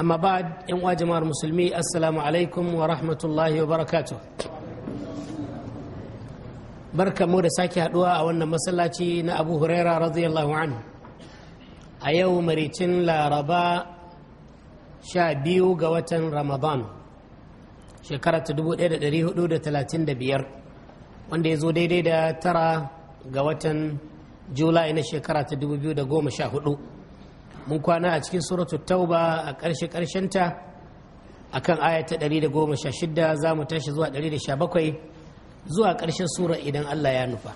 amma ba yan uwa jama'ar musulmi assalamu alaikum wa rahmatullahi wa barakatu barka mu da sake haduwa a wannan masallaci na abu huraira radiyallahu anhu a yau maricin laraba sha biyu ga watan ramadan shekara 1435 wanda ya zo daidai da tara ga watan julai na shekara ta 2014 mun kwana a cikin suratu tauba a ƙarshe ƙarshenta a kan ayata 116 za mu tashi zuwa 117 zuwa ƙarshen sura idan allah ya nufa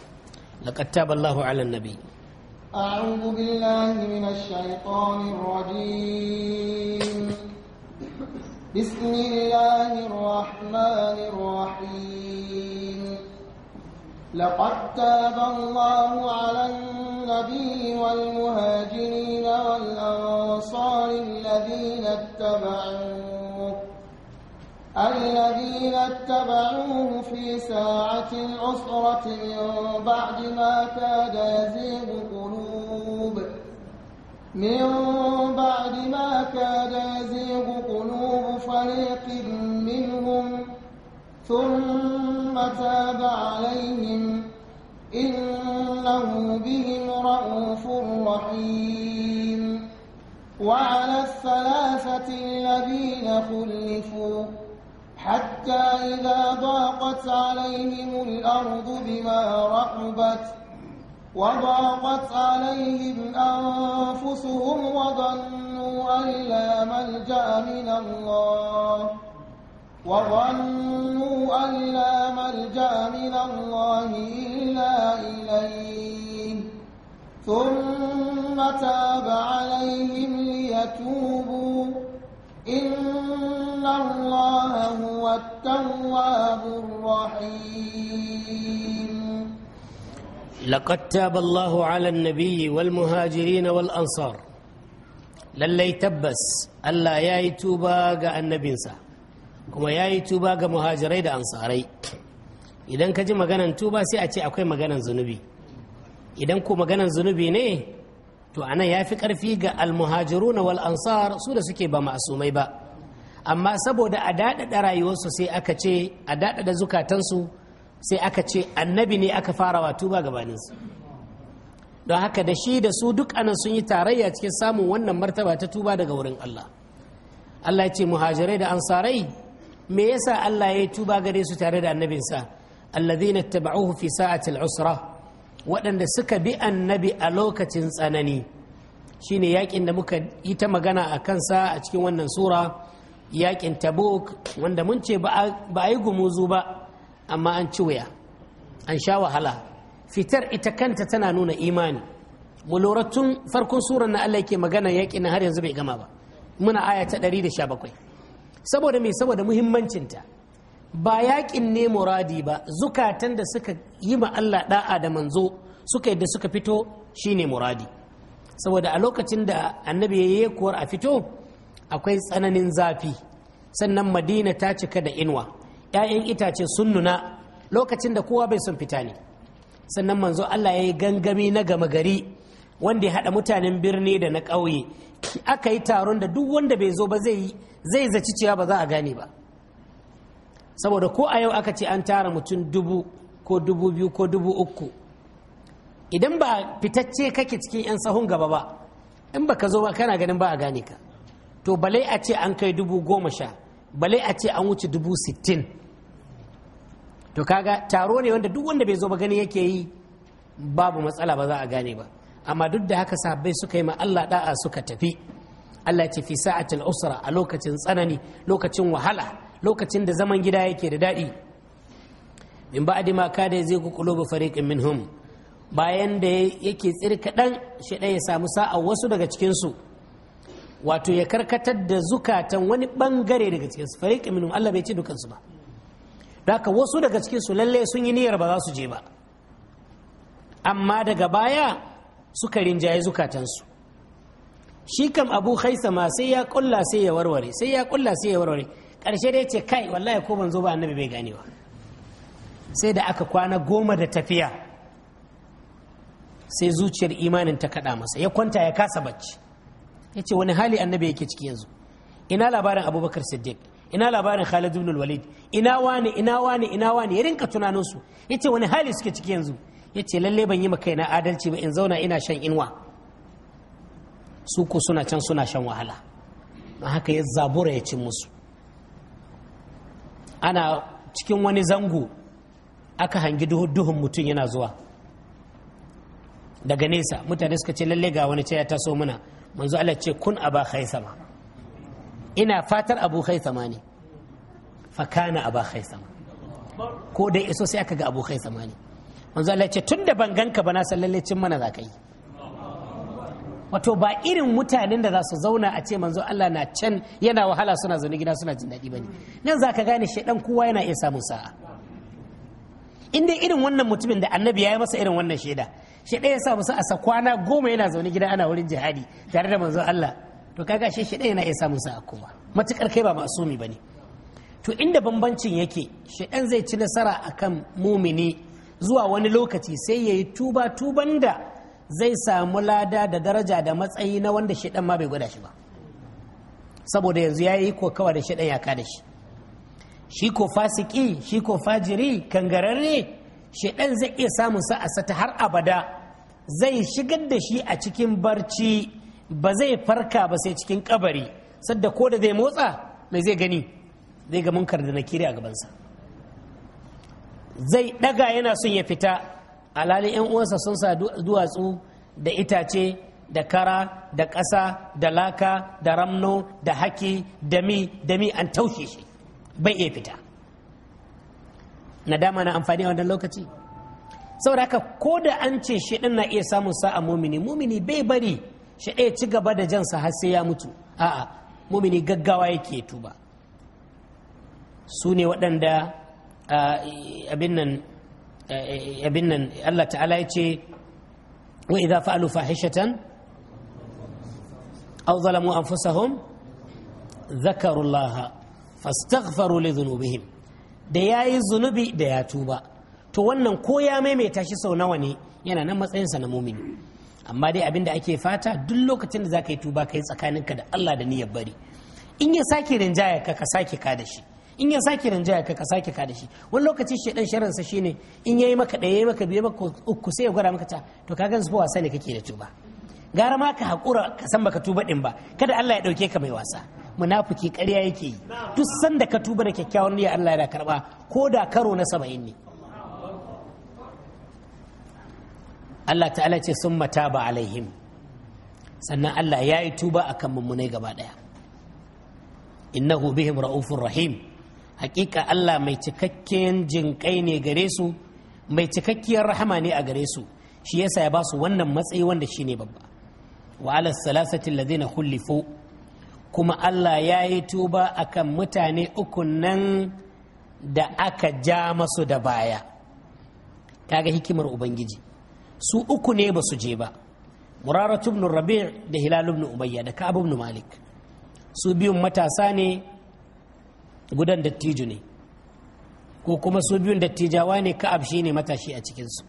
laƙad taballahu ala nabi أعوذ بالله من الشيطان الرجيم بسم الله الرحمن الرحيم لقد تاب الله على النبي والمهاجرين والأنصار الذين اتبعوه الذين اتبعوه في ساعة العسرة من بعد ما كاد يزيغ قلوب من بعد ما كاد يزيغ قلوب فريق منهم ثم تاب عليهم إنه بهم رؤوف رحيم وعلى الثلاثة الذين خلفوا حتى إذا ضاقت عليهم الأرض بما رحبت وضاقت عليهم أنفسهم وظنوا أن لا ملجأ من الله وظنوا أن لا ملجأ من الله إلا إليه ثم تاب عليهم ليتوبوا إن الله هو التواب الرحيم لقد تاب الله على النبي والمهاجرين والأنصار للي تبس ألا يأتوبا النبي صلى kuma ya yi tuba ga muhajirai da ansarai idan ka ji maganan tuba sai a ce akwai maganan zunubi idan ko maganan zunubi ne to anan ya fi ƙarfi ga na wal ansar su da suke ba ma'asumai ba amma saboda a daɗaɗa rayuwarsu sai aka ce a daɗaɗa zukatansu sai aka ce annabi ne aka fara wa tuba gabaninsu don haka da shi da su duk anan sun yi tarayya cikin samun wannan martaba ta tuba daga wurin Allah Allah ya ce muhajirai da ansarai me yasa Allah ya yi tuba gare su tare da annabinsa allazina taba'uhu fi sa'atil usra waɗanda suka bi annabi a lokacin tsanani shine yakin da muka yi ta magana a kansa a cikin wannan sura yakin tabuk wanda mun ce ba a yi gumuzu ba amma an ci wuya an sha wahala fitar ita kanta tana nuna imani mu lura tun farkon surar na Allah yake magana yakin har yanzu bai gama ba muna aya ta 117 saboda me saboda muhimmancinta ba yakin ne muradi ba zukatan da suka yi ma Allah da'a da manzo suka yadda suka fito shine muradi saboda a lokacin da annabi ya yi kuwar a fito akwai tsananin zafi sannan madina ta cika da inuwa 'ya'yan itace sun nuna lokacin da kowa bai son fita ne sannan manzo Allah ya yi gangami na gama gari wanda ya haɗa mutanen birni da na ƙauye aka yi taron da duk wanda bai zo ba zai yi zai zaci cewa ba za a gane ba saboda ko a yau aka ce an tara mutum dubu ko dubu biyu ko dubu uku idan ba fitacce kake cikin 'yan sahun gaba ba in ba ka zo ba kana ganin ba a gane ka to balai a ce an kai dubu goma sha balai a ce an wuce dubu sittin to kaga taro ne wanda duk wanda bai zo ba gani yake yi babu matsala ba za a gane ba amma duk da haka sabai suka yi ma Allah da'a suka tafi Allah ce fi sa'atil usra a lokacin tsanani lokacin wahala lokacin da zaman gida yake da daɗi min ba'di ma kada zai ku qulubu fariqin minhum bayan da yake tsirka kaɗan shi ya samu sa'a wasu daga cikinsu wato ya karkatar da zukatan wani ɓangare daga cikinsu fariƙin minhum Allah bai ce dukansu ba haka wasu daga cikinsu lalle sun yi niyyar ba za su je ba amma daga baya suka rinjaye zukatansu shi kam abu sama sai ya kulla sai ya warware sai ya kulla sai ya warware karshe dai ce kai wallahi ko ban zo ba annabi bai ganewa sai da aka kwana goma da tafiya sai zuciyar imanin ta kaɗa masa ya kwanta ya kasa bacci ya ce wani hali annabi yake ciki yanzu ina labarin abubakar siddiq ina labarin khalid ibn walid ina wani ina wani ina wani ya rinka tunaninsu ya ce wani hali suke ciki yanzu ya ce lalle ban yi ma kaina adalci ba in zauna ina shan inwa su ku suna can suna shan wahala a haka ya zabura ya ci musu ana cikin wani zango aka hangi duhun mutum yana zuwa daga nesa mutane suka ce lalle ga wani ce ya taso muna manzo Allah ce kun aba khaisama ina fatar abu khaisama ne fa kana aba khaisama ko dai iso sai aka ga abu khaisama ne manzo Allah ce tun da ban ganka ba na san lalle cin mana za ka yi wato ba irin mutanen da za su zauna a ce manzo Allah na can yana wahala suna zaune gida suna jin daɗi bane nan zaka gane shedan kowa yana iya samun sa'a in dai irin wannan mutumin da annabi ya yi masa irin wannan shaida shedan ya sa sa'a sa kwana goma yana zaune gida ana wurin jihadi tare da manzo Allah to kaga shi shedan yana iya samun sa'a kuma matukar kai ba masumi bane to inda bambancin yake shedan zai ci nasara akan mumini zuwa wani lokaci sai yayi tuba tuban da zai samu lada da daraja da matsayi na wanda shaidan ma bai gwada shi ba saboda yanzu ya yi kokawa da shi ya kada shi shi ko fasiki shi ko fajiri kangararre shaidan zai iya samun sa a sata har abada zai shigar da shi a cikin barci ba zai farka ba sai cikin kabari sadda ko da zai motsa mai zai gani zai ga munkar da nakiri a gabansa zai daga yana son ya fita alali yan uwansa sun sa duwatsu da itace da kara da ƙasa da laka da ramno da haki da mi da mi an taushe shi bai iya fita nadama na amfani a wannan lokaci saboda haka ko da an ce shi na iya samun sa'a mumini mumini bai bari shi ɗaya ci gaba da jansa har sai ya mutu a'a mumini gaggawa yake tuba su ne waɗanda abin nan Eh, abin nan Allah ta'ala ya ce wa idza fa'alu fahishatan aw zalamu anfusahum dhakaru Allah fastaghfaru li dhunubihim da yayi zunubi da ya tuba to wannan ko ya maimaita shi sau nawa ne yana nan matsayinsa na mumini amma dai abin da ake fata duk lokacin da za ka yi tuba ka yi tsakaninka da Allah da niyyar bari in ya sake rinjaya ka ka sake ka da shi in ya sake rinjaya ka ka sake ka da shi wani lokaci shedan sharansa shine in yayi maka ɗaya yayi maka biyu maka uku sai ya gwada maka ta to ka gansu fa wasa ne kake da tuba gara ma ka haƙura ka san baka tuba din ba kada Allah ya ɗauke ka mai wasa munafiki ƙarya yake yi duk sanda ka tuba da kyakkyawan niyya Allah ya karba ko da karo na saba'in ne Allah ta'ala ce sun mata ba alaihim sannan Allah ya yi tuba akan mummunai gaba ɗaya innahu bihim ra'ufur rahim hakika Allah mai cikakken jinƙai ne gare su mai cikakkiyar rahama ne a gare su shi yasa ya ba su wannan matsayi wanda shi ne babba wa ala salasati alladhina khulifu kuma Allah ya yi tuba akan mutane uku nan da aka ja masu da baya kaga hikimar ubangiji su uku ne ba su je ba muraratu ibn rabi' da hilal ibn umayya da ka'ab ibn malik su biyun matasa ne gudan dattijo ne ko kuma su biyun dattijawa ne ka'ab shi ne matashi a cikinsu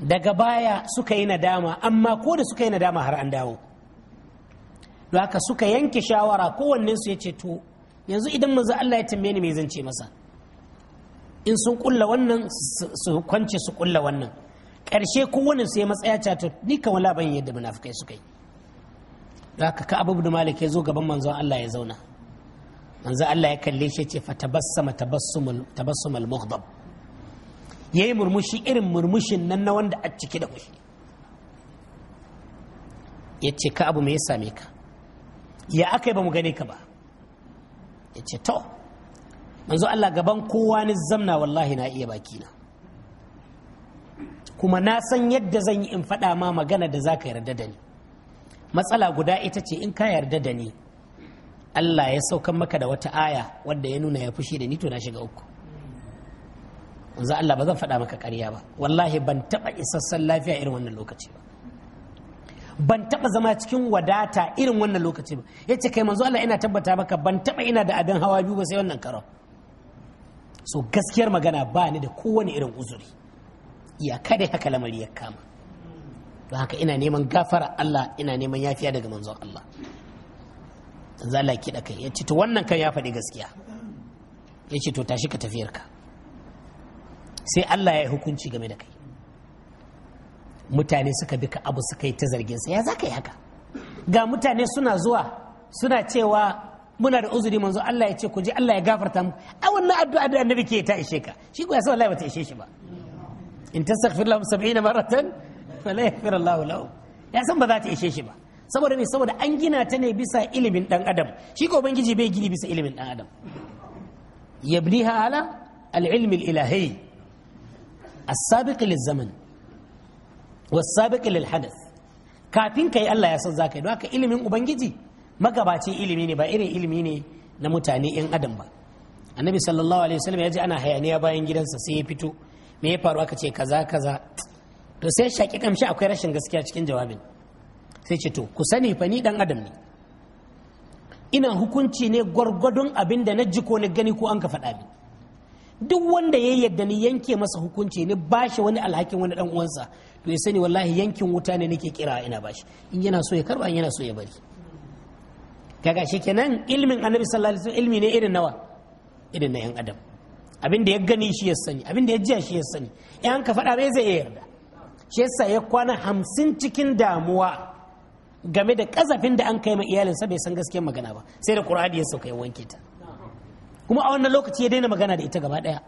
daga baya suka yi nadama amma ko da suka yi nadama har an dawo da haka suka yanke shawara kowannensu ya ce to yanzu idan maza Allah ya tambaye ni me zan ce masa in sun kulla wannan su kwance su kulla wannan ƙarshe kowane su ya matsaya cato ni kan wala yadda munafikai suka yi da haka ka abubu da malik ya zo gaban manzon Allah ya zauna manzo Allah ya kalle shi ce fa tabassama tabassumul tabassumul mughdab yayi murmushi irin murmushin nan na wanda a cike da kushi yace ka abu me ya same ka ya akai ba mu gane ka ba yace to manzo Allah gaban kowa ni zamna wallahi na iya baki na kuma na san yadda zan yi in faɗa ma magana da za ka yarda da ni matsala guda ita ce in ka yarda da ni Allah ya saukan maka da wata aya wadda ya nuna ya fushi da ni to na shiga uku yanzu Allah ba zan faɗa maka ƙarya ba wallahi ban taɓa isassan lafiya irin wannan lokaci ba ban taɓa zama cikin wadata irin wannan lokaci ba ya ce kai manzo Allah ina tabbata maka ban taɓa ina da abin hawa biyu ba sai wannan karo so gaskiyar magana ba ni da kowane irin uzuri ya kada haka lamari ya kama don haka ina neman gafara Allah ina neman yafiya daga manzon Allah zala kiɗa kai ya ce to wannan kan ya faɗi gaskiya ya ce to tashi ka tafiyar ka sai Allah ya yi hukunci game da kai mutane suka bi ka abu suka yi ta zargin sa ya za ka yi haka ga mutane suna zuwa suna cewa muna da uzuri manzo Allah ya ce ku je Allah ya gafarta mu a wannan addu'a da annabi ke ta ishe ka shi ko ya san wallahi ta ishe shi ba in tastaghfir lahum 70 maratan fala yaghfir Allah lahum ya san ba za ta ishe shi ba saboda me saboda an gina ta ne bisa ilimin dan adam shi ko ubangiji bai gini bisa ilimin dan adam yabniha ala al-ilm al-ilahi as-sabiq lil-zaman was-sabiq lil-hadath kafin kai Allah ya san zaka yi don haka ilimin ubangiji magabaci ilimi ne ba irin ilimi ne na mutane yan adam ba annabi sallallahu alaihi wasallam ya ji ana hayaniya bayan gidansa sai ya fito me ya faru aka ce kaza kaza to sai shaki kamshi akwai rashin gaskiya cikin jawabin sai ce to ku sani fa ni dan adam ne ina hukunci ne gwargwadon abin da na ji ko na gani ko an ka faɗa bi. duk wanda ya yadda ni yanke masa hukunci ne ba shi wani alhakin wani dan uwansa to ya sani wallahi yankin wuta ne nake kira ina ba shi. in yana so ya karba in yana so ya bari kaga shi kenan ilmin annabi sallallahu alaihi wasallam ilmi ne irin nawa irin na yan adam abin da ya gani shi ya sani abin da ya jiya shi ya sani in ka faɗa bai zai iya yarda shi yasa ya kwana hamsin cikin damuwa game da kazafin da an kai ma iyalinsa bai san gaskiyar magana ba sai da qur'ani ya sauka ya wanke ta kuma a wannan lokaci ya daina magana da ita gaba daya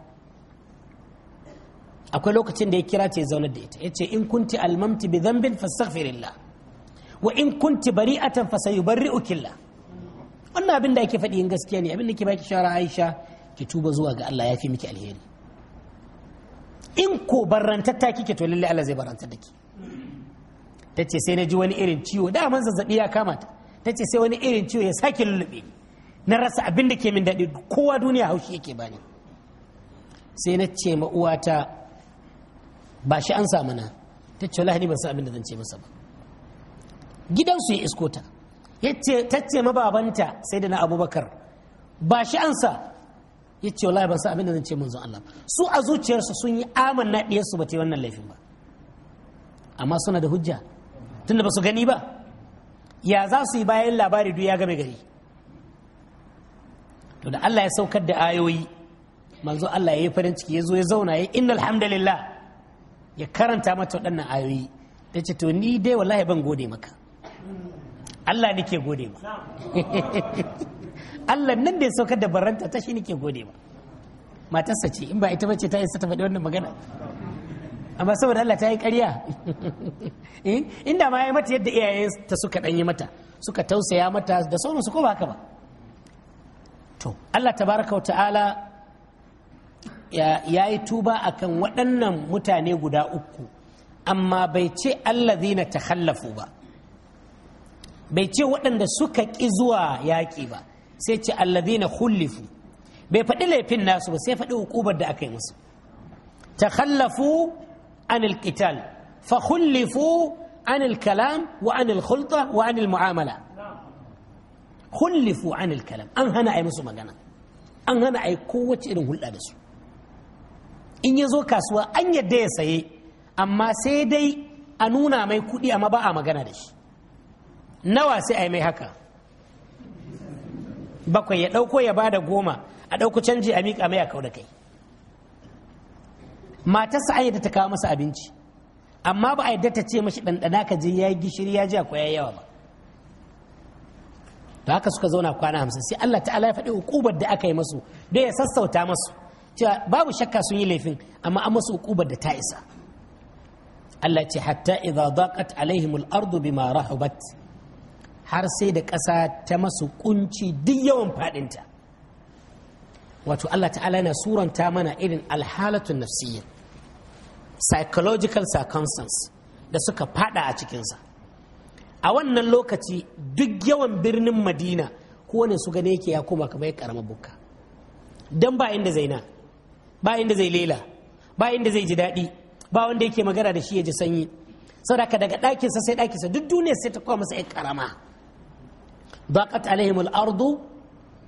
akwai lokacin da ya kira ta ya zaunar da ita yace in kunti almamti bi dhanbin fastaghfirillah wa in kunti bari'atan fasayubarri'ukillah wannan abin da ake faɗi in gaskiya ne abin da ke baki shara Aisha ki tuba zuwa ga Allah ya fi miki alheri in ko ta kike to lalle Allah zai barantar da ki ta ce sai na ji wani irin ciwo daman zazzabi ya kama ta ta ce sai wani irin ciwo ya sake lullube na rasa abin da ke min daɗi kowa duniya haushi yake bani sai na ce ma uwata ba shi an samu na ta ce wallahi ban san abin da zan ce masa ba gidansu ya isko ta ta ce ma babanta sai da na abubakar ba shi an sa ya ce wallahi ban san abin da zan ce manzon Allah su a zuciyarsu sun yi amanna ɗiyarsu ba ta yi wannan laifin ba amma suna da hujja tunda ba su gani ba ya za su yi bayan labari duk ya game gari to da Allah ya saukar da ayoyi manzo Allah ya yi farin ciki ya zo ya zauna ya inna alhamdulillah ya karanta mata waɗannan ayoyi ta ce to ni dai wallahi ban gode maka Allah nake gode ma Allah nan da ya saukar da baranta ta shi nake gode ma matarsa ce in ba ita bace ta isa ta faɗi wannan magana amma saboda Allah ta yi ƙarya eh, inda ma ya mata yadda iyayenta suka ɗanyi mata suka tausaya mata da sauransu ko ba haka ba to Allah tabaraka wa ta'ala ya yi tuba akan waɗannan mutane guda uku amma bai ce allazina takallafu ba bai ce waɗanda suka ƙi zuwa yaƙi ba sai ce allazina khullifu bai faɗi laifin nasu ba sai faɗi hukubar da aka yi musu takhallafu عن القتال فخلفوا عن الكلام وعن الخلطة وعن المعاملة خلفوا عن الكلام أن هنا أي مسو مغانا أن هنا أي قوة إنه هل أدسو in ya zo kasuwa an yadda ya saye amma sai dai a nuna mai kuɗi amma ba a magana da shi nawa sai a yi mai haka bakwai ya ɗauko ya bada goma a ɗauko canji a miƙa mai a kau da kai matarsa an yadda ta kawo masa abinci amma ba a yadda ta ce mashi ɗanɗana ka je ya yi gishiri ya ji akwai yawa ba to haka suka zauna kwana hamsin sai Allah ta'ala ya faɗi ukubar da aka yi masu da ya sassauta masu cewa babu shakka sun yi laifin amma an masu ukubar da ta isa Allah ce hatta idza daqat alaihim al-ardu bima rahabat har sai da ƙasa ta masu kunci duk yawan fadinta wato Allah ta'ala yana suranta mana irin alhalatun nafsiyya psychological circumstance da suka fada a cikinsa a wannan lokaci duk yawan birnin madina kowane su gane yake ya koma kamar karama bukka don ba inda zai na ba inda zai lela ba inda zai ji daɗi ba wanda yake magana da shi ya ji sanyi saboda daga ɗakinsa sai ɗakinsa duk duniya sai ta koma masa yan karama baqat alaihim al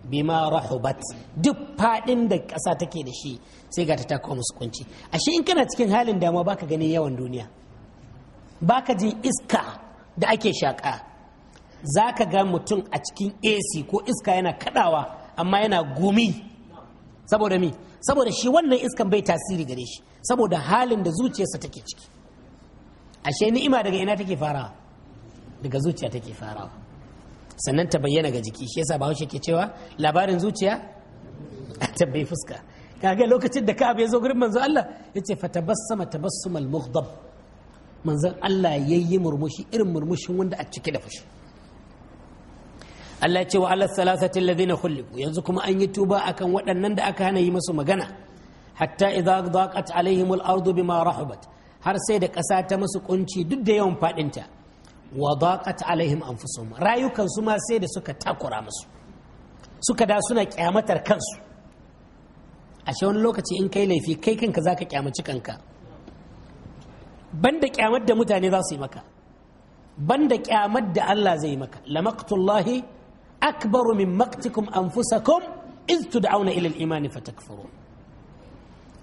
bima rahubat duk fadin da ƙasa take da shi sai ga ta taka musu kunci ashe in kana cikin halin damuwa baka ganin yawan duniya baka jin iska da ake shaka zaka ga mutum a cikin ac ko iska yana kadawa amma yana gumi saboda mi saboda shi wannan iskan bai tasiri gare shi saboda halin da zuciyarsa take ciki ashe ni'ima daga ina take farawa daga zuciya take farawa sannan ta bayyana ga jiki shi yasa bahaushe ke cewa labarin zuciya a tabbai fuska kaga lokacin da ka'ab ya zo gurin manzo Allah ya ce fa tabassama tabassumal mughdab manzon Allah yayi murmushi irin murmushin wanda a cike da fushi Allah ya ce wa ala salasati alladhina khuliqu yanzu kuma an yi tuba akan waɗannan da aka hana yi musu magana hatta idza daqat alaihim al-ardu bima rahabat har sai da ƙasa ta musu kunci duk da yawan fadinta wa daqat su ma sai da suka takura musu suka da suna kyamatar kansu ashe wani lokaci in kai laifi kai kanka zaka kyamaci kanka banda kyamar da mutane za su yi maka banda kyamar da Allah zai yi maka lamaqtullahi akbaru min maqtikum anfusakum iz tud'auna ila al-iman fatakfurun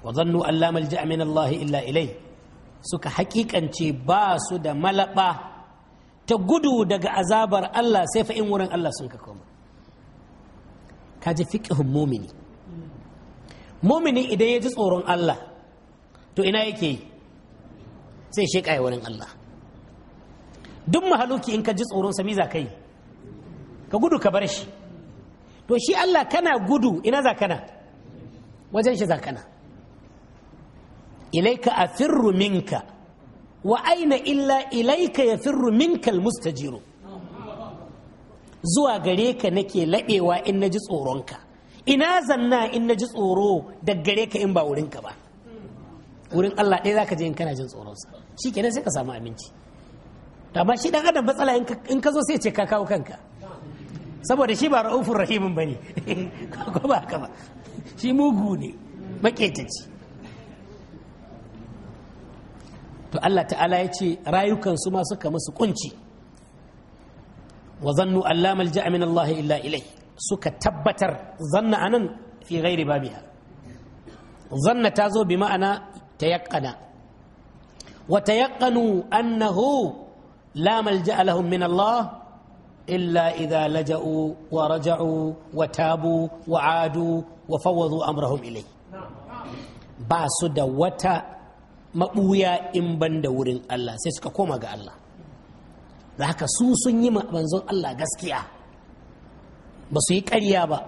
wa dhannu an la malja'a min Allah illa ilayh suka hakikance ba su da malaba ta gudu daga azabar Allah sai fa in wurin Allah sun ka koma ka ji fiqhun mumini mumini idan ya ji tsoron Allah to ina yake yi sai shi ya wurin Allah duk mahaluki in ka ji tsoron sami za ka yi ka gudu ka bar shi to shi Allah kana gudu ina za kana wajen shi za kana ilaika afirru minka wa aina illa ilaika ya firru minkal zuwa gare ka nake laɓewa in na ji tsoronka ina zanna in na ji tsoro da gare ka in ba ka ba wurin Allah ɗaya zaka je in kana jin tsoronsa shi kenan sai ka samu aminci amma shi dan adam matsala in ka zo sai ce ka kawo kanka saboda shi ba ra'ufin rahimin bane ko ba haka ba shi mugu ne maketaci to Allah ta'ala ya ce rayukansu ma suka musu kunci wa zannu Allah malja'a min Allah illa ilai suka tabbatar zanna anan fi ghairi babiha zanna ta zo bi ma'ana tayaqqana wa tayaqqanu annahu la malja'a lahum min Allah raja'u, wa tabu, wa وتابوا wa وفوضوا amrahum ilai, ba su da wata maɓuya in ban da wurin Allah sai suka koma ga Allah da haka su sun yi manzon Allah gaskiya ba su yi ƙarya ba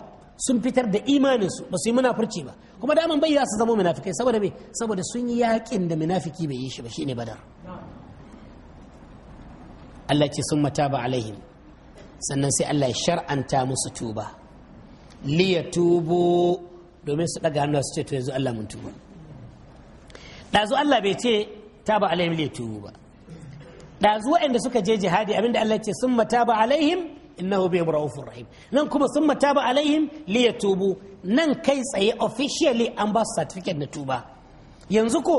sun fitar da imaninsu ba su yi munafurci ba kuma daman bai za su zama munafikai saboda me saboda sun yi yaƙin da munafiki bai yi shi ba shine badar Allah ce sun mata ba alaihim sannan sai Allah ya shar'anta musu tuba liya tubo domin su daga hannu su ce to yanzu Allah mun tuba ɗazu Allah bai ce ta ba alaihim laitu ba ɗazu waɗanda suka je jihadi abinda Allah ce sun mata ba alayhim? innahu bihim raufur rahim nan kuma sun mata ba alaihim liyatubu nan kai tsaye officially an ba su certificate na tuba yanzu ko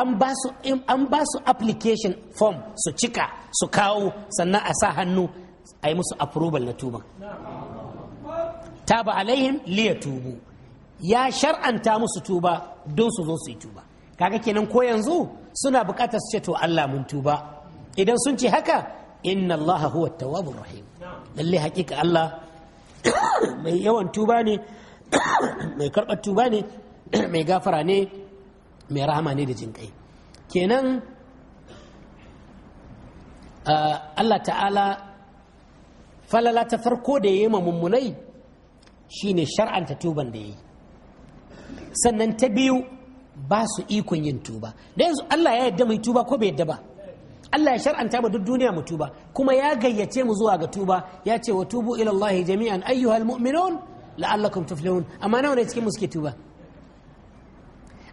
an ba su an ba su application form su cika su kawo sannan a sa hannu a yi musu approval na tuba taba alaihim liyatubu ya shar'anta musu tuba don su zo su yi tuba kaga kenan ko yanzu suna bukatar su ce to Allah mun tuba idan sun ce haka inna Allah huwa tawwabur rahim lalle hakika Allah mai yawan tuba ne mai karɓar tuba ne mai gafara ne mai rahama ne da kai kenan Allah ta'ala falala ta farko da yayi yi mummunai shine shar'anta tuban da yayi sannan ta biyu ba su ikon yin tuba da yanzu Allah ya yadda mai tuba ko bai yadda ba Allah ya shar'anta ba duk duniya mu tuba kuma ya gayyace mu zuwa ga tuba ya ce wa tubu ila Allah jami'an ayyuhal mu'minun la'allakum tuflihun amma nawa ne cikin mu suke tuba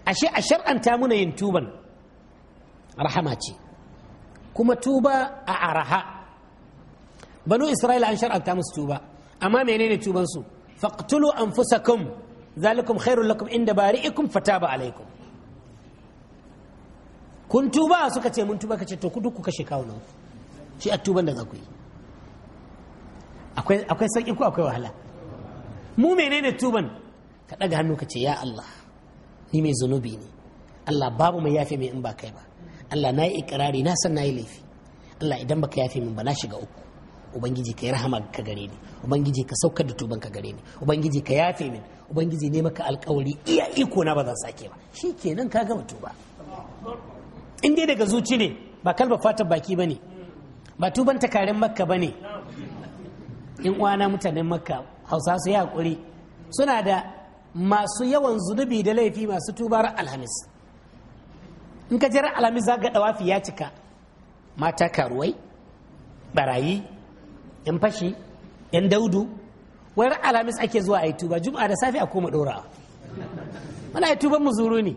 ashe a shar'anta muna yin tuban rahama ce kuma tuba a araha banu isra'ila an shar'anta musu tuba amma menene tuban su faqtulu anfusakum zalikum khairul lakum inda bari'ikum fataba alaikum kun tuba suka ce mun tuba kace to ku duk ku kashe kawunan shi tuban da za ku yi akwai akwai sauki ko akwai wahala mu menene tuban ka ɗaga hannu ka ce ya Allah ni mai zunubi ne Allah babu mai yafe mai in ba kai ba Allah na yi ikirari na san na yi laifi Allah idan baka yafe min ba na shiga uku ubangiji ka yi rahama ka gare ni ubangiji ka saukar da tuban ka gare ni ubangiji ka yafe min ubangiji ne maka alkawari iya iko na ba zan sake ba shi kenan ka gama tuba in dai daga zuci ne ba kalba fatan baki ba ne ba tuban takarin makka ba in uwana mutanen makka hausa su yi hakuri suna da masu yawan zunubi da laifi masu tubar alhamis in ka jira alhamis za ga dawafi ya cika mata karuwai barayi 'yan fashi 'yan daudu wayar alamis ake zuwa a yi tuba juma'a da safe a koma dora mana ya tuban mu zuru ne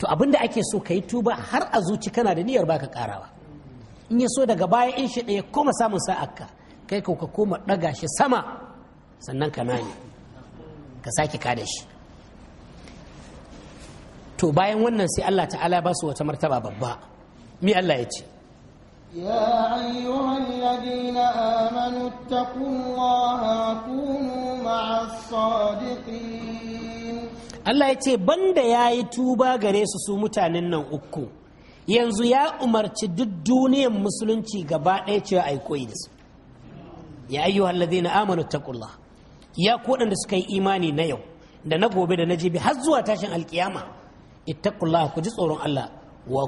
to abinda ake so ka yi tuba har a zuci kana da niyyar baka karawa in ya so daga baya in shi ɗaya koma samun sa'akka kai ka ka koma ɗaga shi sama sannan ka nani ka sake kada shi to bayan wannan sai Allah ta'ala ba su wata martaba babba mi Allah ya ce يا أيها الذين آمنوا اتقوا الله وكونوا مع الصادقين Allah ya ce banda ya yi tuba gare su su mutanen nan uku yanzu ya umarci duk duniyar musulunci gaba ɗaya cewa a yi koyi da su ya ayyu hallazi na amanu taƙullah ya da suka yi imani na yau da na gobe da na jibi har zuwa tashin alkiyama ittaqullah ku ji tsoron Allah wa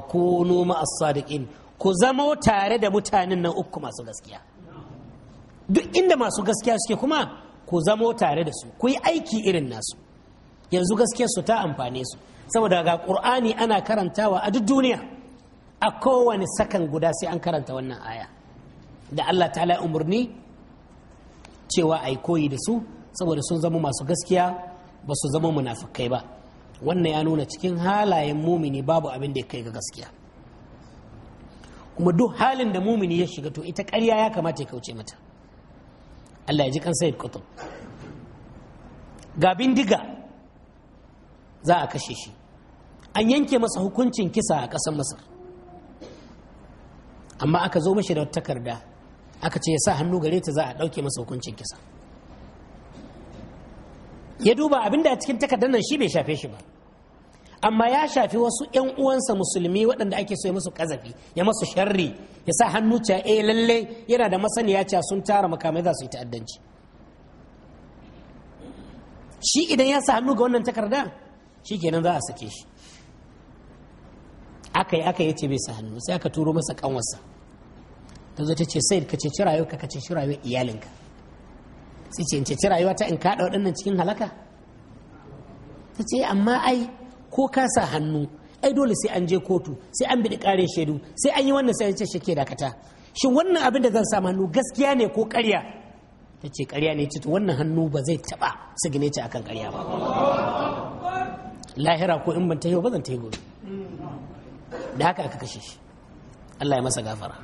noma a sadiqin ku zamo tare da mutanen nan uku masu gaskiya duk inda masu gaskiya suke kuma ku zamo tare da su ku yi aiki irin nasu yanzu gaskiya su ta amfane su saboda ga ƙur'ani ana karantawa a duk duniya a kowane sakan guda sai an karanta wannan aya da Allah ta'ala umarni cewa yi koyi da su saboda sun zama masu gaskiya ba su zama munafukai ba wannan ya nuna cikin halayen mumini babu abin da ya kai ga gaskiya kuma duk halin da mumini ya shiga to ita ƙarya ya kamata ya kauce mata Allah ya ji kan Sayyid kutub ga bindiga za a kashe shi an yanke masa hukuncin kisa a ƙasar Masar amma aka zo mashi da wata takarda aka ce ya sa hannu gare ta za a ɗauke masa hukuncin kisa ya duba abinda a cikin takardar nan shi bai shafe shi ba amma ya shafi wasu yan uwansa musulmi waɗanda ake so ya musu kazafi ya masu sharri ya sa hannu cewa eh lalle yana da masaniya ca sun tara makamai za su yi ta'addanci shi idan ya sa hannu ga wannan takarda shi kenan za a sake shi aka yi aka yi ce bai sa hannu sai aka turo masa kanwarsa ta zo ta ce sai ka ceci rayuwarka ka ceci rayuwar iyalinka sai ce in ceci rayuwa ta in kaɗa waɗannan cikin halaka ta ce amma ai ko ka sa hannu ai dole sai an je kotu sai an biɗi ƙarin shaidu sai an yi wannan sai an ce dakata shin wannan abin da zan sa hannu gaskiya ne ko ƙarya ta ce ƙarya ne ce wannan hannu ba zai taɓa signature akan ƙarya ba lahira ko in ban ta yau ba zan ta yi gobe da haka aka kashe shi Allah ya masa gafara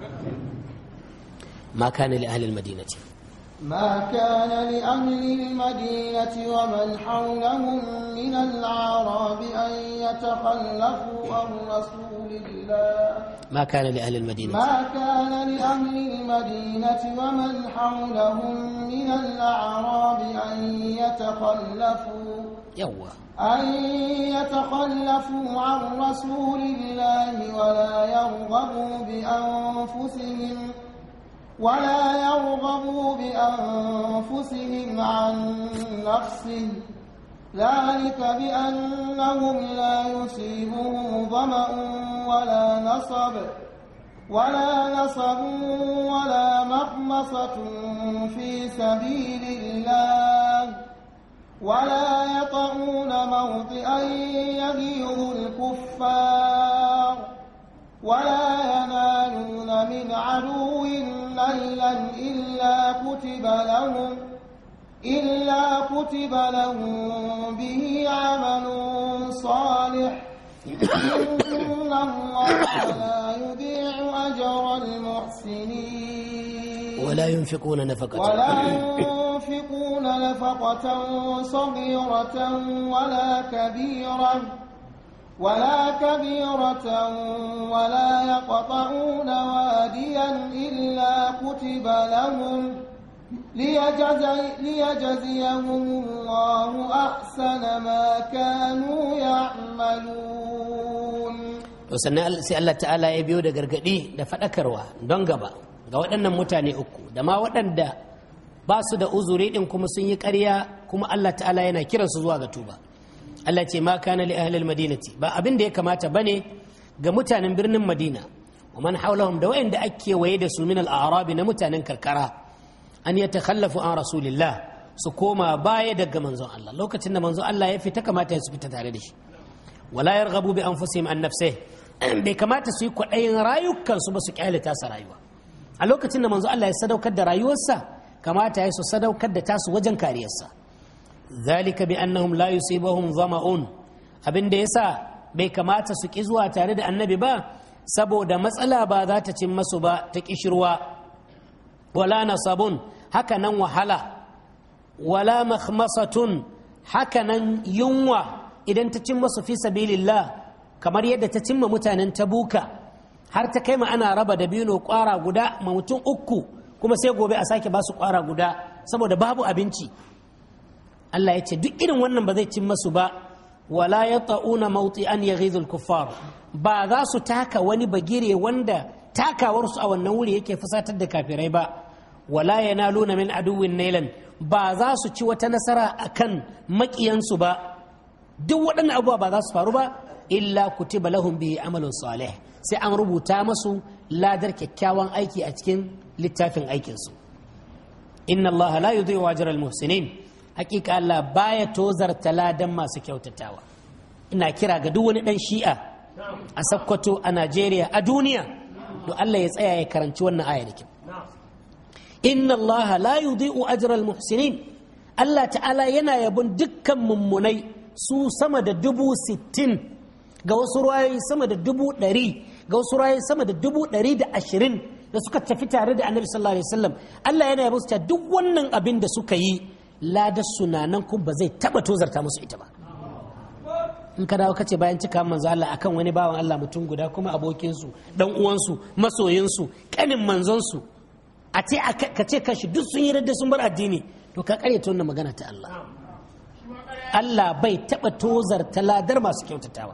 ma kana li ahlil madinati ما كان لأهل المدينة ومن حولهم من الأعراب أن يتخلفوا عن رسول الله ما كان لأهل المدينة ما كان لأهل المدينة ومن حولهم من الأعراب أن يتخلفوا يوا أن يتخلفوا عن رسول الله ولا يرغبوا بأنفسهم ولا يرغبوا بأنفسهم عن نفسه ذلك بأنهم لا يصيبهم ظمأ ولا نصب ولا نصب ولا مخمصة في سبيل الله ولا يطعون موطئا يغيظ الكفار ولا ينالون من عدو عملا إلا كتب لهم إلا كتب لهم به عمل صالح إن الله لا يضيع أجر المحسنين ولا ينفقون نفقة ولا ينفقون نفقة صغيرة ولا كبيرة ولا كبيرة ولا يقطعون واديا إلا كتب لهم ليجزي ليجزيهم الله أحسن ما كانوا يعملون sannan sai Allah ta'ala ya biyo da gargaɗi da faɗakarwa don gaba ga waɗannan mutane uku da ma waɗanda ba su da uzuri ɗin kuma sun yi ƙarya kuma Allah ta'ala yana kiransu zuwa ga tuba Allah ce ma kana li ahlil madinati ba abin da ya kamata bane ga mutanen birnin Madina wa man hawlahum da wayanda ake waye da su min al-a'rabi na mutanen karkara an yatakhallafu an rasulillah su koma baya daga manzon Allah lokacin da manzon Allah ya fita kamata ya su fita tare da shi wala yarghabu bi anfusihim an nafsihi bai kamata su yi kwaɗayin rayukansu ba su kyale sa rayuwa a lokacin da manzo Allah ya sadaukar da rayuwarsa kamata ya su sadaukar da tasu wajen kariyarsa zalika bi annahum la yusibahum zama'un abin da yasa bai kamata su ki zuwa tare da annabi ba saboda matsala ba za ta cin masu ba ta kishirwa wala nasabun haka nan wahala wala makhmasatun haka nan yunwa idan ta cin masu fi sabilillah kamar yadda ta cimma mutanen tabuka har ta kai ma ana raba dabino kwara guda ma mutum uku kuma sai gobe a sake ba su kwara guda saboda babu abinci Allah ya ce duk irin wannan ba zai cin masu ba wala ya ta'una mauti an ya kuffar ba za su taka wani bagire wanda takawarsu a wannan wuri yake fusatar da kafirai ba wala ya naluna min aduwin nailan ba za su ci wata nasara akan makiyansu ba duk waɗannan abubuwa ba za su faru ba illa kutiba lahum bihi amalun salih sai an rubuta masu ladar kyakkyawan aiki a cikin littafin aikinsu inna allaha la yudhi'u ajra muhsinin hakika Allah baya tozarta ladan masu kyautatawa ina kira ga duk wani dan shi'a a sakkwato a Najeriya a duniya to Allah ya tsaya ya karanci wannan aya inna Allah la yudhi'u ajral muhsinin Allah ta'ala yana yabon dukkan mummunai su sama da dubu sittin ga wasu ruwayoyi sama da dubu ɗari ga wasu ruwayoyi sama da dubu ɗari da ashirin da suka tafi tare da annabi sallallahu alaihi wasallam Allah yana yabo su duk wannan abin da suka yi ladar sunanan ku ba zai taba tozarta musu ita ba in ka dawo kace bayan cika manzo Allah akan wani bawan Allah mutum guda kuma abokinsu dan uwansu su kanin manzonsu a ce ka ce kashi duk sun yi radda sun bar addini to ka kare ta wannan magana ta Allah Allah bai taba tozarta ladar masu kyautatawa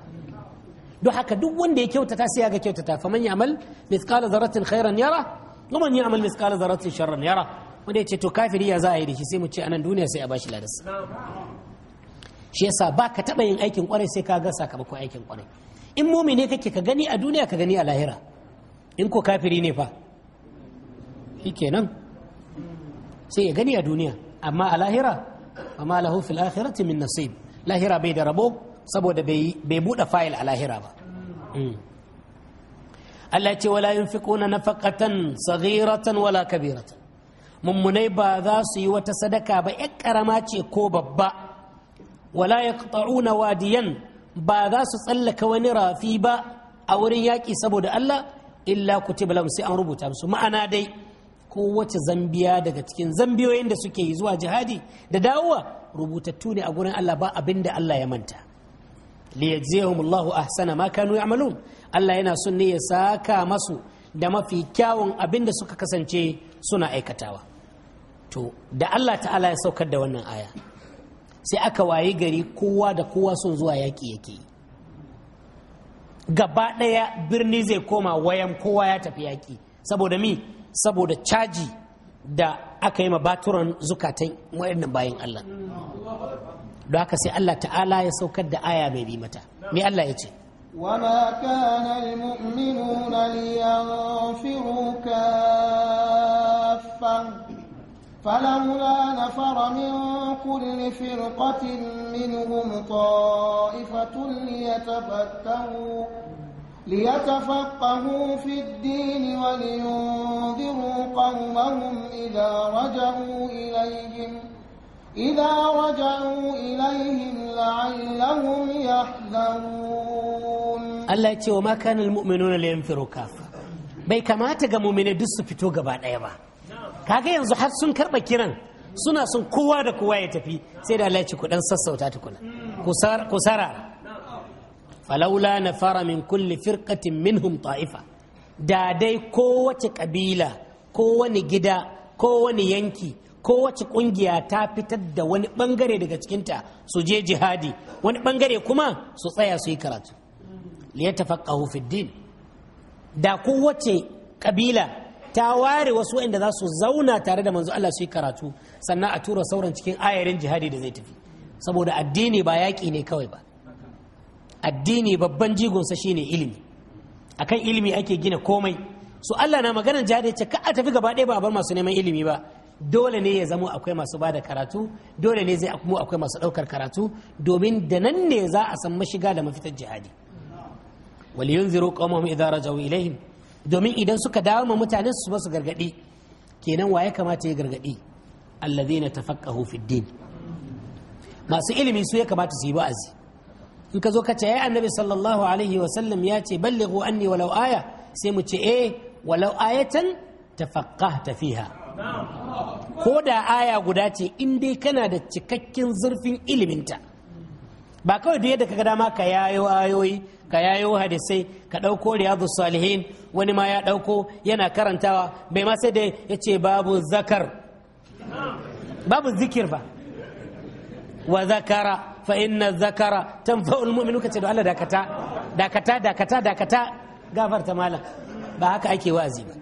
don haka duk wanda ya kyautata sai ya ga kyautata faman amal mithqala dharratin khairan yara kuma man amal mithqala dharratin sharran yara wanda ya ce to kafiri ya za a yi da shi sai mu ce anan duniya sai a bashi ladas shi yasa ba ka taɓa yin aikin kwarai sai ka ga sakamakon aikin kwarai in mumini kake ka gani a duniya ka gani a lahira in ko kafiri ne fa shikenan sai ya gani a duniya amma a lahira amma lahu fil akhirati min nasib lahira bai da rabo saboda bai buɗe fayil a lahira ba mm. Allah ce wala yunfiquna nafaqatan saghiratan wala kabiratan mummunai ba za su yi wata sadaka ba ‘yan ƙarama ce ko babba wala ya ƙaruna wadiyan ba za su tsallaka wani rafi ba a wurin yaƙi saboda Allah illa ku lahum sai an rubuta musu ma'ana dai kowace zambiya daga cikin zambiyoyin da suke yi zuwa jihadi da dawowa rubutattu ne a gurin Allah ba abin da Allah ya manta liyajziyahumullahu ahsana ma kanu ya'malun Allah yana son ne ya saka masu da mafi kyawun abin da suka kasance suna aikatawa to da Allah ta'ala ya saukar da wannan aya sai aka wayi gari kowa da kowa sun zuwa yaƙi yake gaba ɗaya birni zai koma wayan kowa ya tafi yaƙi saboda mi saboda caji da aka yi ma baturan zukatan waɗannan bayan Allah don haka sai Allah ta'ala ya saukar da aya mai bi mata me Allah ya ce وما كان المؤمنون لينفروا كافة فلولا نفر من كل فرقة منهم طائفة ليتفكهوا ليتفقهوا في الدين ولينذروا قومهم إذا رجعوا إليهم إذا رجعوا إليهم لعلهم يحذرون الله يتي وما كان المؤمنون لينفروا كافة bai kamata ga mumine duk su fito gaba ɗaya kaga yanzu har sun karɓa kiran suna son kowa da kowa ya tafi sai da Allah ya sassauta tukuna ku Kusara falaula na fara min kulli firqatin minhum ta'ifa da dai kowace kabila kowane gida kowane yanki kowace ƙungiya ta fitar da wani bangare daga cikinta su je jihadi wani bangare kuma su tsaya su yi karatu liyatafaqahu fid din da kowace ƙabila. ta ware wasu waɗanda za su zauna tare da manzo Allah su yi karatu sannan a tura sauran cikin ayarin jihadi da zai tafi saboda addini ba yaƙi ne kawai ba addini babban jigonsa shine ilimi akan ilimi ake gina komai su Allah na maganar jihadi ce ka a tafi gaba ɗaya ba bar masu neman ilimi ba dole ne ya zamo akwai masu bada karatu dole ne zai kuma akwai masu ɗaukar karatu domin da nan ne za a san mashiga da mafitar jihadi wal yunziru qaumahum idza rajau ilaihim domin idan suka dawo ma mutanen su basu gargaɗi. kenan wa ya kamata ya gargadi allazina tafaqahu fid din masu ilimi su ya kamata su yi wa'azi in ka zo ka ce annabi sallallahu alaihi wa sallam ya ce ballighu anni walau aya sai mu ce eh walau ayatan tafaqqahta fiha ko da aya guda ce in dai kana da cikakken zurfin iliminta ba kawai duk yadda kaga dama ka yayo ayoyi ka yayo hadisai ka ɗauko riyadu salihin wani ma ya ɗauko yana karantawa bai ma sai da ya ce babu zakar babu zikir ba wa zakara fa inna zakara tanfa'ul mu'minu kace da Allah dakata dakata dakata dakata gafarta malam ba haka ake wa'azi ba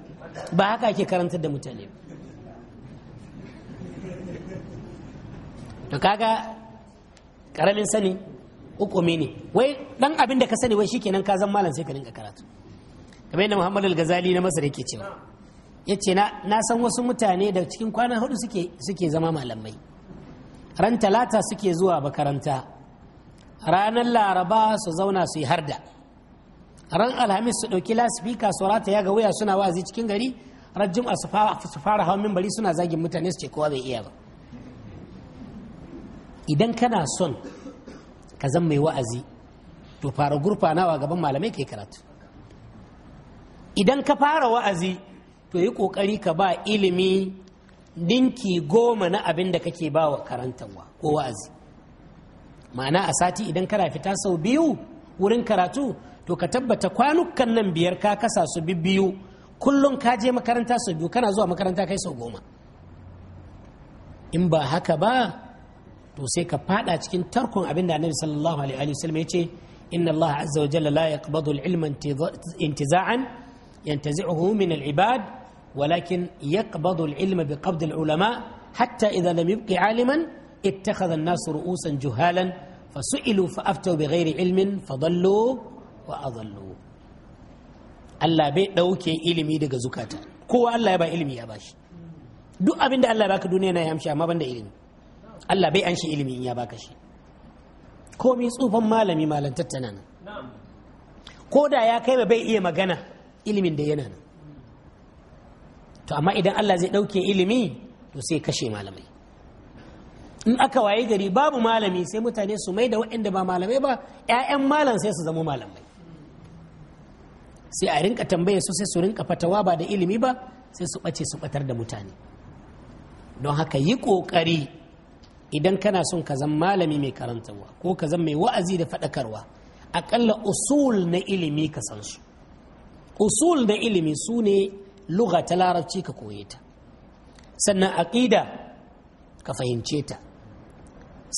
ba haka ake karantar da mutane ba to kaga karamin sani hukumi ne wai dan abin da ka sani wai shikenan ka zan malam sai ka dinga karatu kamar yadda Muhammad al-Ghazali na Masar yake cewa yace na na san wasu mutane da cikin kwana hudu suke suke zama malamai ran talata suke zuwa makaranta ranar laraba su zauna su yi harda ran alhamis su ɗauki lasifika su rata ya ga wuya suna wazi cikin gari ran jim'a su fara hawan bari suna zagin mutane su ce kowa bai iya ba idan kana son ka zan mai wa'azi to fara gurfanawa gaban malamai kai karatu idan ka fara wa'azi to yi ƙoƙari ka ba ilimi dinki goma na abin da kake ba wa karantarwa ko wa'azi ma'ana a sati idan kana fita sau biyu wurin karatu to ka tabbata kwanukan nan biyar ka kasa su biyu kullum ka je makaranta sau biyu kana zuwa makaranta kai sau goma in ba haka ba to sai ka fada cikin tarkon abin da annabi sallallahu alaihi wasallam ya ce inna Allah azza wa jalla la yaqbadu al-ilma intiza'an yantazi'uhu min al-ibad walakin yaqbadu al-ilma biqabd al-ulama hatta idha lam yabqi 'aliman ittakhadha an-nas ru'usan juhalan fasu'ilu fa'aftu bighairi ilmin fadallu wa adallu Allah bai dauke ilimi daga zukata kowa Allah ya ba ilimi ya bashi duk abin da Allah ya baka duniya na ya amshi amma banda ilimi Allah bai an shi ilimi ya baka shi komi tsufan malami malantatta na. nan ko da ya kai bai iya magana ilimin da yana nan to amma idan Allah zai ɗauke ilimi to sai kashe malamai in aka waye gari babu malami sai mutane su mai da waɗanda ba malamai ba 'ya'yan malam sai su zama malamai sai a rinka tambaye su sai su rinka fatawa ba da ilimi ba sai su ɓace su ɓatar da mutane don haka yi ƙoƙari idan kana son ka zama malami mai karantarwa ko ka zama mai wa'azi da faɗakarwa aƙalla usul na ilimi ka san su usul na ilimi su ne lugha ta larabci ka koye ta sannan aƙida ka fahimce ta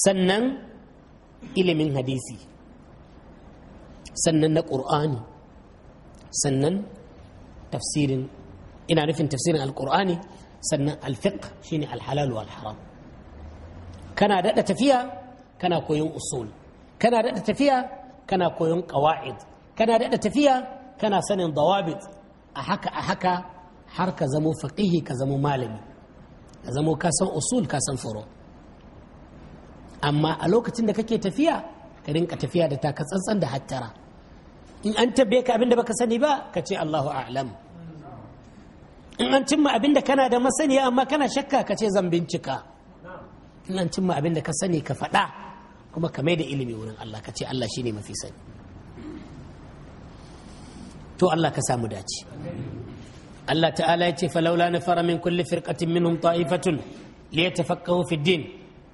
sannan ilimin hadisi sannan na ƙur'ani sannan tafsirin ina nufin tafsirin alƙur'ani sannan alfiq shine alhalal wal haram kana daɗa tafiya kana koyon usul kana daɗa tafiya kana koyon ƙawa'id kana daɗa tafiya kana sanin dawabit a haka a haka har ka zamo faƙihi ka zamo malami ka zamo ka san usul ka san furo amma a lokacin da kake tafiya ka rinka tafiya da taka tsantsan da hattara in an tabbe ka abin da baka sani ba ka ce Allahu a'lam in an cimma abin da kana da masaniya amma kana shakka ka ce zan bincika nan cimma abin da ka sani ka faɗa kuma ka mai da ilimi wurin Allah ka ce Allah shi ne mafi sani to Allah ka samu dace Allah ta'ala ya ce falaula fara min kulli firqatin minhum ta'ifatun liyatafaqahu fi din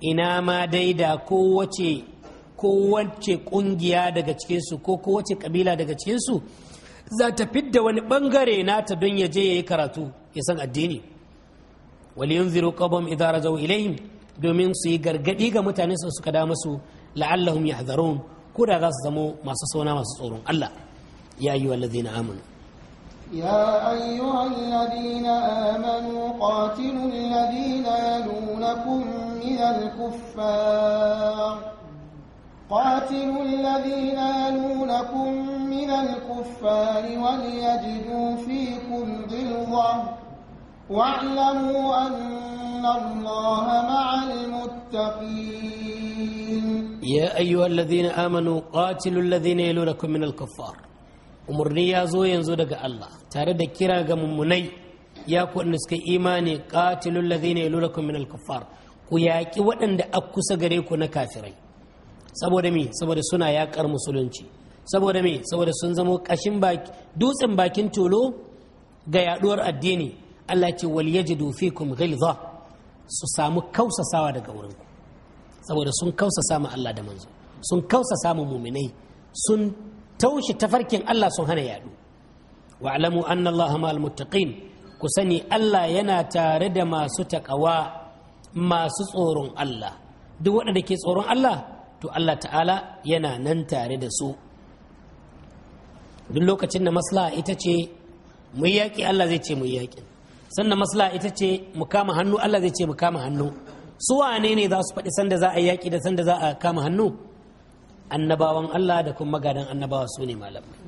ina ma dai da kowace kowace kungiya daga cikinsu ko kowace kabila daga cikinsu za ta fidda wani bangare nata don ya je ya yi karatu ya san addini wal yunziru qawm idza rajau ilaihim domin su yi gargadi ga mutane su suka da musu la'allahum hazarun ko da za su zamo masu sauna masu tsoron Allah ya yi wallazina amanu يا أيها الذين آمنوا قاتلوا الذين يلونكم من الكفار قاتلوا الذين يلونكم من الكفار وليجدوا فيكم غلظة واعلموا أن إن الله مع المتقين يا أيها الذين آمنوا قاتلوا الذين يلونكم من الكفار umarni ya zo yanzu daga Allah tare da kira ga mummunai ya ku waɗanda suka imani qatilul ladhina yalulakum min al-kuffar ku yaƙi waɗanda a kusa gare ku na kafirai saboda me saboda suna yaƙar musulunci saboda me saboda sun zamo ƙashin dutsen bakin tolo ga yaɗuwar addini Allah ce wal yaji yajidu fikum ghilza su samu kausasawa daga wurinku saboda sun kausasa ma Allah da manzo sun kausasa ma muminai sun taushi tafarkin Allah sun hana yadu wa'lamu anna Allah ma'al muttaqin ku sani Allah yana tare da masu takawa masu tsoron Allah duk waɗanda ke tsoron Allah to Allah ta'ala yana nan tare da su duk lokacin da maslaha ita ce mu yaƙi Allah zai ce mu yaƙin sannan maslaha ita ce mu kama hannu Allah zai ce mu kama hannu su wane ne za su faɗi sanda za a yaƙi da sanda za a kama hannu annabawan Allah da kuma magadan annabawa su ne malamai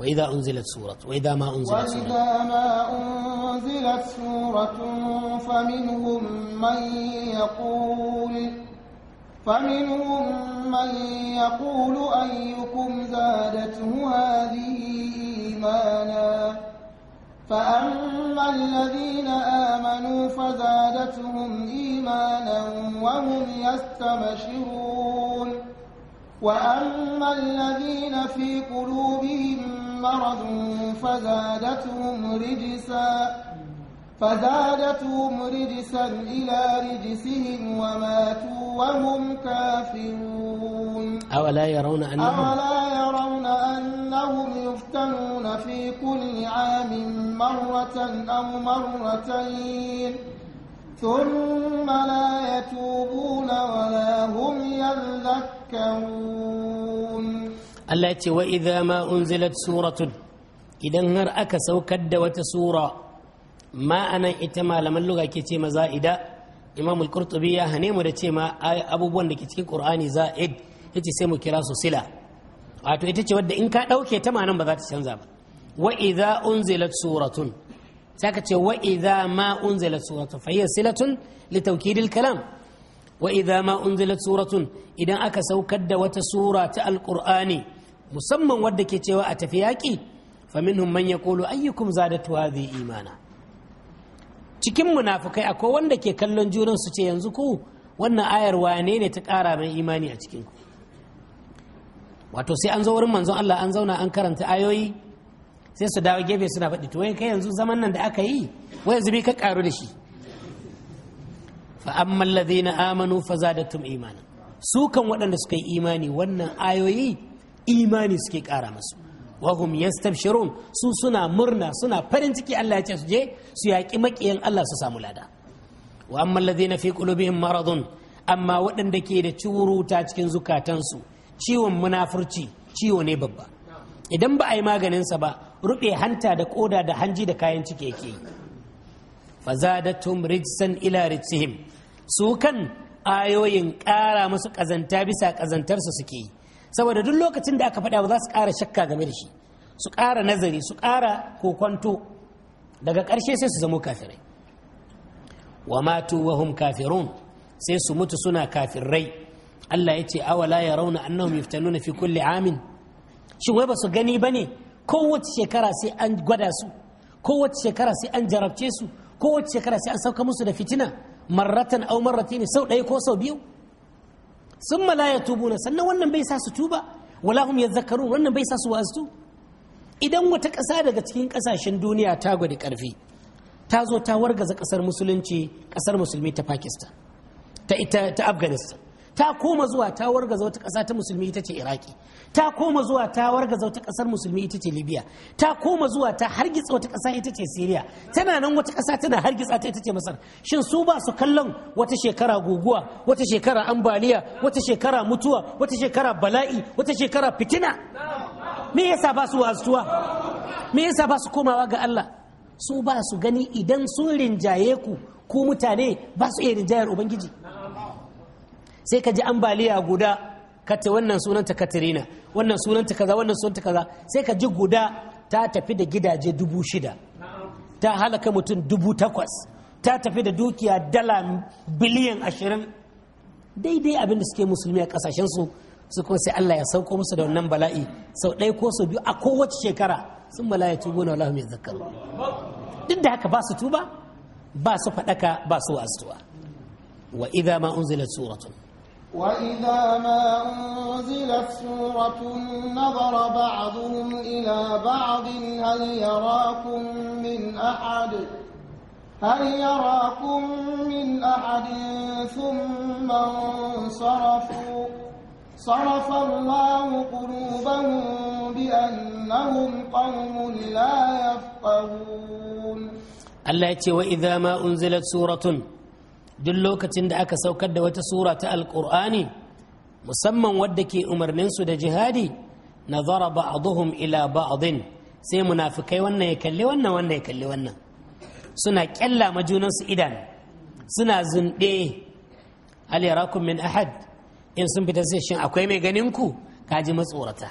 wa idza unzilat surat wa idza ma unzilat surat wa idza ma unzilat surat faminhum man yaqul فمنهم من يقول أيكم زادته هذه إيمانا فأما الذين آمنوا فزادتهم إيمانا وهم يستبشرون وأما الذين في قلوبهم مرض فزادتهم رجسا فزادتهم رجسا إلى رجسهم وماتوا وهم كافرون أولا يرون أنهم أولا يرون أن إنهم يفتنون في كل عام مرة أو مرتين ثم لا يتوبون ولا هم يذكرون الله يتي وإذا ما أنزلت سورة إذا هر أكس وكد وتسورة ما أنا إتما لمن لغة كتيمة زائدة إمام القرطبي هنيم ودتيما أبو بوان لكتكين قرآني زائد يتي سيمو كراسو سلا wato ita ce wadda in ka ɗauke ta ma ba za ta canza ba wa idza unzilat suratun sai ka ce wa idza ma unzilat suratun fa hiya silatun li tawkidil kalam wa idza ma unzilat suratun idan aka saukar da wata sura ta alqur'ani musamman wadda ke cewa a tafi yaƙi fa minhum man yaqulu ayyukum zadatu hadhi imana cikin munafukai akwai wanda ke kallon junan su ce yanzu ku wannan ayar wane ne ta ƙara mai imani a cikin wato sai an zo wurin manzon Allah an zauna an karanta ayoyi sai su dawo gefe suna faɗi to kai yanzu zaman nan da aka yi wai yanzu ka karu da shi fa amma alladhina amanu fa zadatum imana su kan waɗanda suka yi imani wannan ayoyi imani suke ƙara masu wa hum yastabshirun su suna murna suna farin ciki Allah ya ce su je su yaƙi maƙiyan Allah su samu lada wa amma alladhina fi qulubihim maradun amma waɗanda ke da ciwuruta cikin zukatansu ciwon munafurci ciwo ne babba idan ba a yi maganinsa ba ruɓe hanta da ƙoda da hanji da kayan ciki yake yi fazadatum rijsan ila rijsihim su kan ayoyin ƙara musu ƙazanta bisa ƙazantarsu suke yi saboda duk lokacin da aka faɗa ba za su ƙara shakka game da shi su ƙara nazari su ƙara kokwanto daga ƙarshe sai su zamo kafirai wa matu wahum kafirun sai su mutu suna kafirai Allah ya ce awala ya rauna annahum nuna fi kulli amin shi wai basu gani ba ne kowace shekara sai an gwada su kowace shekara sai an jarabce su kowace shekara sai an sauka musu da fitina marratan au marratin sau ɗaya ko sau biyu sun ya tubuna sannan wannan bai sa su tuba wala hum yadhakkarun wannan bai sa su wasu idan wata ƙasa daga cikin ƙasashen duniya ta gwada ƙarfi ta zo ta wargaza ƙasar musulunci ƙasar musulmi ta pakistan ta ita ta afghanistan ta koma zuwa ta warga wata ƙasa ta musulmi ita ce iraki ta koma zuwa ta warga wata ƙasar musulmi ita ce libya ta koma zuwa ta hargitsa wata ƙasa ita ce syria tana nan wata ƙasa tana hargitsa ta ita ce masar shin su ba su kallon wata shekara guguwa wata shekara ambaliya wata shekara mutuwa wata shekara bala'i wata shekara fitina me yasa ba su wasuwa me yasa ba su komawa ga Allah su ba su gani idan sun rinjaye ku ku mutane ba su iya rinjayar ubangiji sai ka ji ambaliya guda kata wannan sunanta katirina wannan sunanta kaza wannan sunanta kaza sai ka ji guda ta tafi da gidaje dubu shida ta halaka mutum dubu takwas ta tafi da dukiya dala biliyan ashirin daidai abinda suke musulmi a kasashensu su kuma sai Allah ya sauko musu da wannan bala'i sau ɗaya ko sau biyu a kowace shekara sun bala ya tubo na Allah mai zakaru duk da haka ba su tuba ba su faɗaka ba su wa'azuwa wa idza ma unzilat suratun وإذا ما أنزلت سورة نظر بعضهم إلى بعض هل يراكم من أحد هل يراكم من أحد ثم انصرفوا صرف الله قلوبهم بأنهم قوم لا يفقهون الله يتي وإذا ما أنزلت سورة duk lokacin da aka saukar da wata sura ta alƙur'ani musamman wadda ke umarninsu da jihadi na zara ba'aduhum ila ba'adin sai munafikai wannan ya kalli wannan wannan ya kalli wannan suna ƙyalla majunansu idan suna zunɗe hal min ahad in sun fita sai shin akwai mai ganin ku kaji matsorata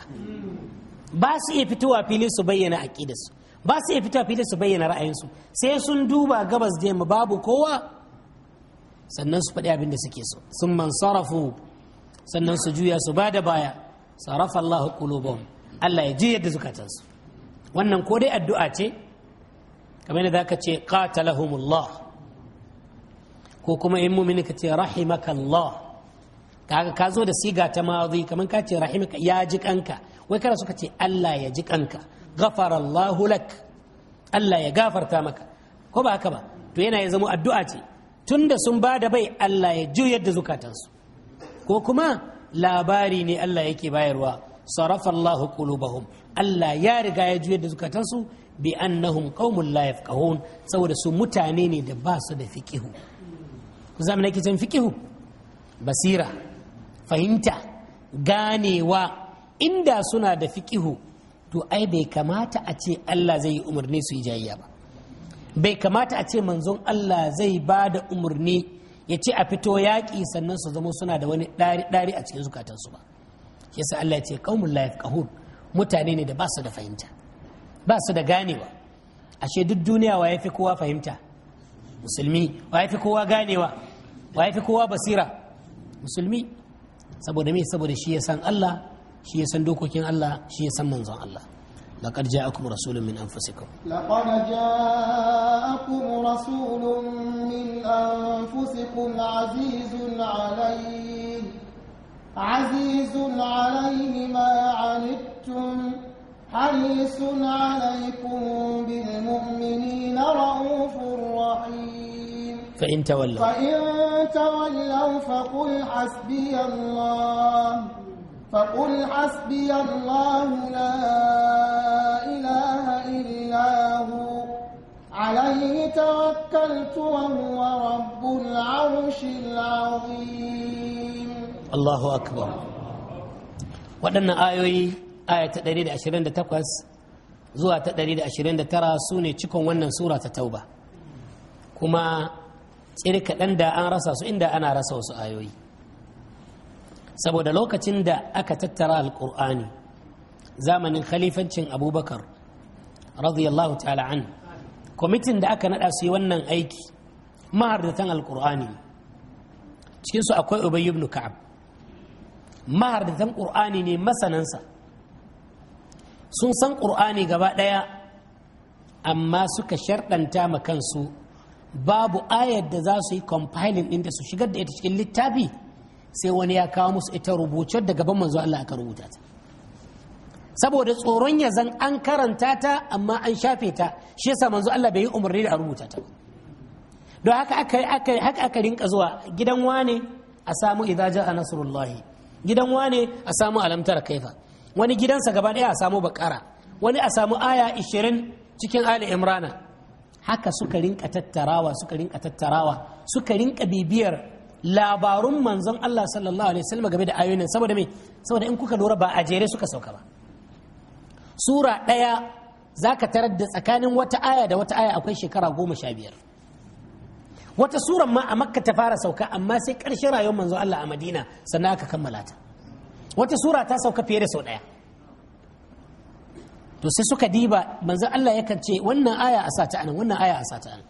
ba su iya fitowa fili su bayyana aƙidarsu ba su iya fitowa fili su bayyana ra'ayinsu sai sun duba gabas da babu kowa sannan su faɗi abin da suke so sun man sarrafu sannan su juya su ba da baya sarrafa Allah qulubahum Allah ya ji yadda zukatansu wannan ko dai addu'a ce kamar yadda zaka ce qatalahumullah ko kuma in mu'mini ka ce rahimakallah kaga ka zo da siga ta mazi kamar ka ce rahimaka ya ji kanka wai kana suka ce Allah ya ji kanka ghafarallahu lak Allah ya gafarta maka ko ba haka ba to yana ya zama addu'a ce tunda sun ba da bai Allah ya juyar da zukatansu ko kuma labari ne Allah yake bayarwa sarafa Allah qulubahum Allah ya riga ya juyar da zukatansu bi annahum qaumun la yafqahun saboda su mutane ne da ba su da fiqihu ku zama nake can fiqihu basira fahimta ganewa inda suna da fiqihu to ai bai kamata a ce Allah zai yi umarni su yi jayya ba bai kamata a ce manzon Allah zai ba da umarni ya ce a fito yaƙi sannan su zama suna da wani ɗari a cikin zukatansu ba yasa Allah ya ce qaumun la yafqahun mutane ne da ba su da fahimta ba su da ganewa ashe duk duniya wa yafi kowa fahimta musulmi wa yafi kowa ganewa wa yafi kowa basira musulmi saboda me saboda shi ya san Allah shi ya san dokokin Allah shi ya san manzon Allah لقد جاءكم رسول من أنفسكم لقد جاءكم رسول من أنفسكم عزيز عليه عزيز عليه ما عنتم حريص عليكم بالمؤمنين رؤوف رحيم فإن تولوا فإن تولوا فقل حسبي الله فقل حسبي الله لا إله إلا هو عليه توكلت وهو رب العرش العظيم الله أكبر waɗannan ayoyi aya ta 128 zuwa ta 129 su ne cikon wannan sura ta tauba kuma tsiri kaɗan da an rasa su inda ana rasa wasu ayoyi saboda lokacin da aka tattara alkur'ani zamanin khalifancin abubakar radiyallahu ta'ala an kwamitin da aka nada su yi wannan aiki mahardatan alkur'ani cikinsu akwai ubayy ibn ka'ab ƙur'ani ne masanansa sun san ƙur'ani gaba ɗaya, amma suka sharɗanta ma kansu babu ayar da za su yi compiling da su shigar da ita cikin littafi sai wani ya kawo musu ita rubuce da gaban manzo Allah aka rubuta ta saboda tsoron ya zan an karanta ta amma an shafe ta shi yasa manzo Allah bai yi umarni da a rubuta ta don haka aka haka aka rinka zuwa gidan wane a samu idza jaa nasrullahi gidan wane a samu alamtar kaifa wani gidansa gaba daya a samu bakara wani a samu aya 20 cikin ali imrana haka suka rinka tattarawa suka rinka tattarawa suka rinka bibiyar labarun manzon Allah sallallahu alaihi wasallam game da ayoyin saboda me saboda in kuka lura ba a jere suka sauka ba sura ɗaya zaka tarar da tsakanin wata aya da wata aya akwai shekara goma sha biyar wata sura ma a makka ta fara sauka amma sai ƙarshen rayuwar manzon Allah a madina sannan aka kammala ta wata sura ta sauka fiye da sau ɗaya to sai suka diba manzon Allah yakan ce wannan aya a sata anan wannan aya a sata anan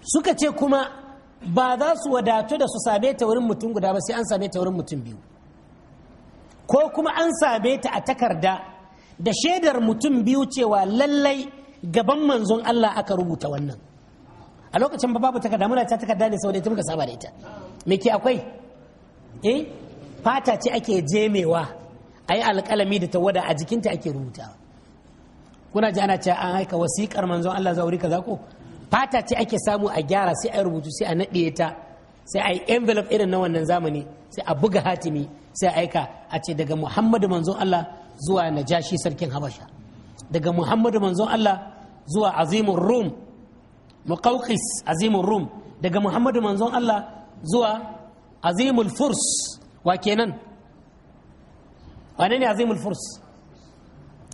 suka ce kuma ba za su wadatu da su same ta wurin mutum guda ba sai an same ta wurin mutum biyu ko kuma an same ta a takarda da shaidar mutum biyu cewa lallai gaban manzon Allah aka rubuta wannan a lokacin ba babu takarda muna ta takarda ne saboda ita muka saba da ita me ke akwai eh fata ce ake jemewa ayi alƙalami da tawada a jikinta ake rubutawa kuna ji ana cewa an aika wasikar manzon Allah zauri kaza ko fata ce ake samu a gyara sai a rubutu sai a naɗe ta sai a yi envelope irin na wannan zamani sai a buga hatimi sai a aika a ce daga muhammadu manzon allah zuwa najashi sarkin habasha daga muhammadu manzon allah zuwa azimin rum muqawqis azimin rum daga muhammadu manzon allah zuwa azimul furs wa kenan wane ne azimul furs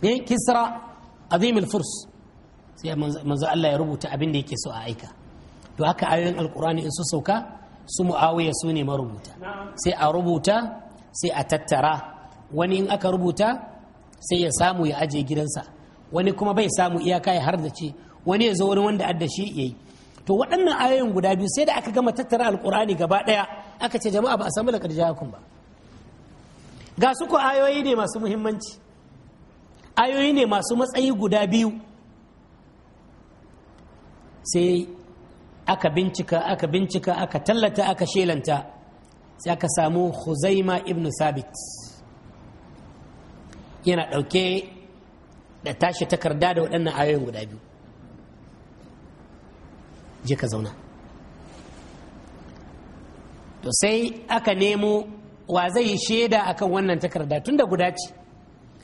ne eh, kisra azimul furs sai manzo Allah ya rubuta abin da yake so a aika to haka ayoyin alkurani in su sauka su muawiya su ne marubuta sai a rubuta sai a tattara wani in aka rubuta sai ya samu ya aje gidansa wani kuma bai samu iyaka ya ce wani ya zo wani wanda addashi shi yayi to waɗannan ayoyin guda biyu sai da aka gama tattara alkurani gaba ɗaya aka ce jama'a ba a samu laƙar jakun ba ga su ko ayoyi ne masu muhimmanci ayoyi ne masu matsayi guda biyu sai aka bincika aka bincika aka tallata aka shelanta sai aka samu huzaima ibn sabit yana ɗauke da tashi takarda da waɗannan ayoyin guda biyu je ka zauna to sai aka nemo wa zai yi shaida akan wannan takarda tunda guda ce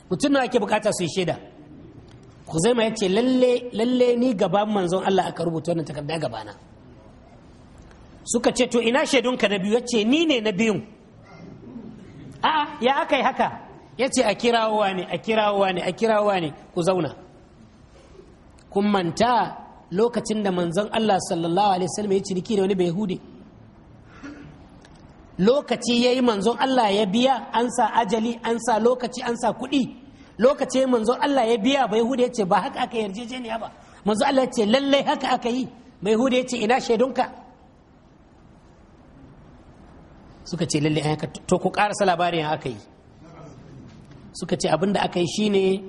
mutum nawa ake bukata su yi shaida huzaima ya ce lalle lalle ni gaban manzon Allah aka rubuta wannan takarda gabana suka ce to ina shaidunka na biyu ya ce ni ne na biyun a'a ya aka yi haka ya ce a kirawowa ne a kirawowa ne a kirawowa ne ku zauna kun manta lokacin da manzon Allah sallallahu alaihi wasallam ya ciniki da wani bai hude lokaci ya yi manzon Allah ya biya an sa ajali an sa lokaci an sa kuɗi lokacin manzo Allah ya biya bai hude ya ce ba haka aka yarjejeniya ba manzo Allah ya ce lallai haka aka yi bai hude ya ce ina shaidunka suka ce lallai aka to ku karasa labarin aka yi suka ce abin da aka yi shine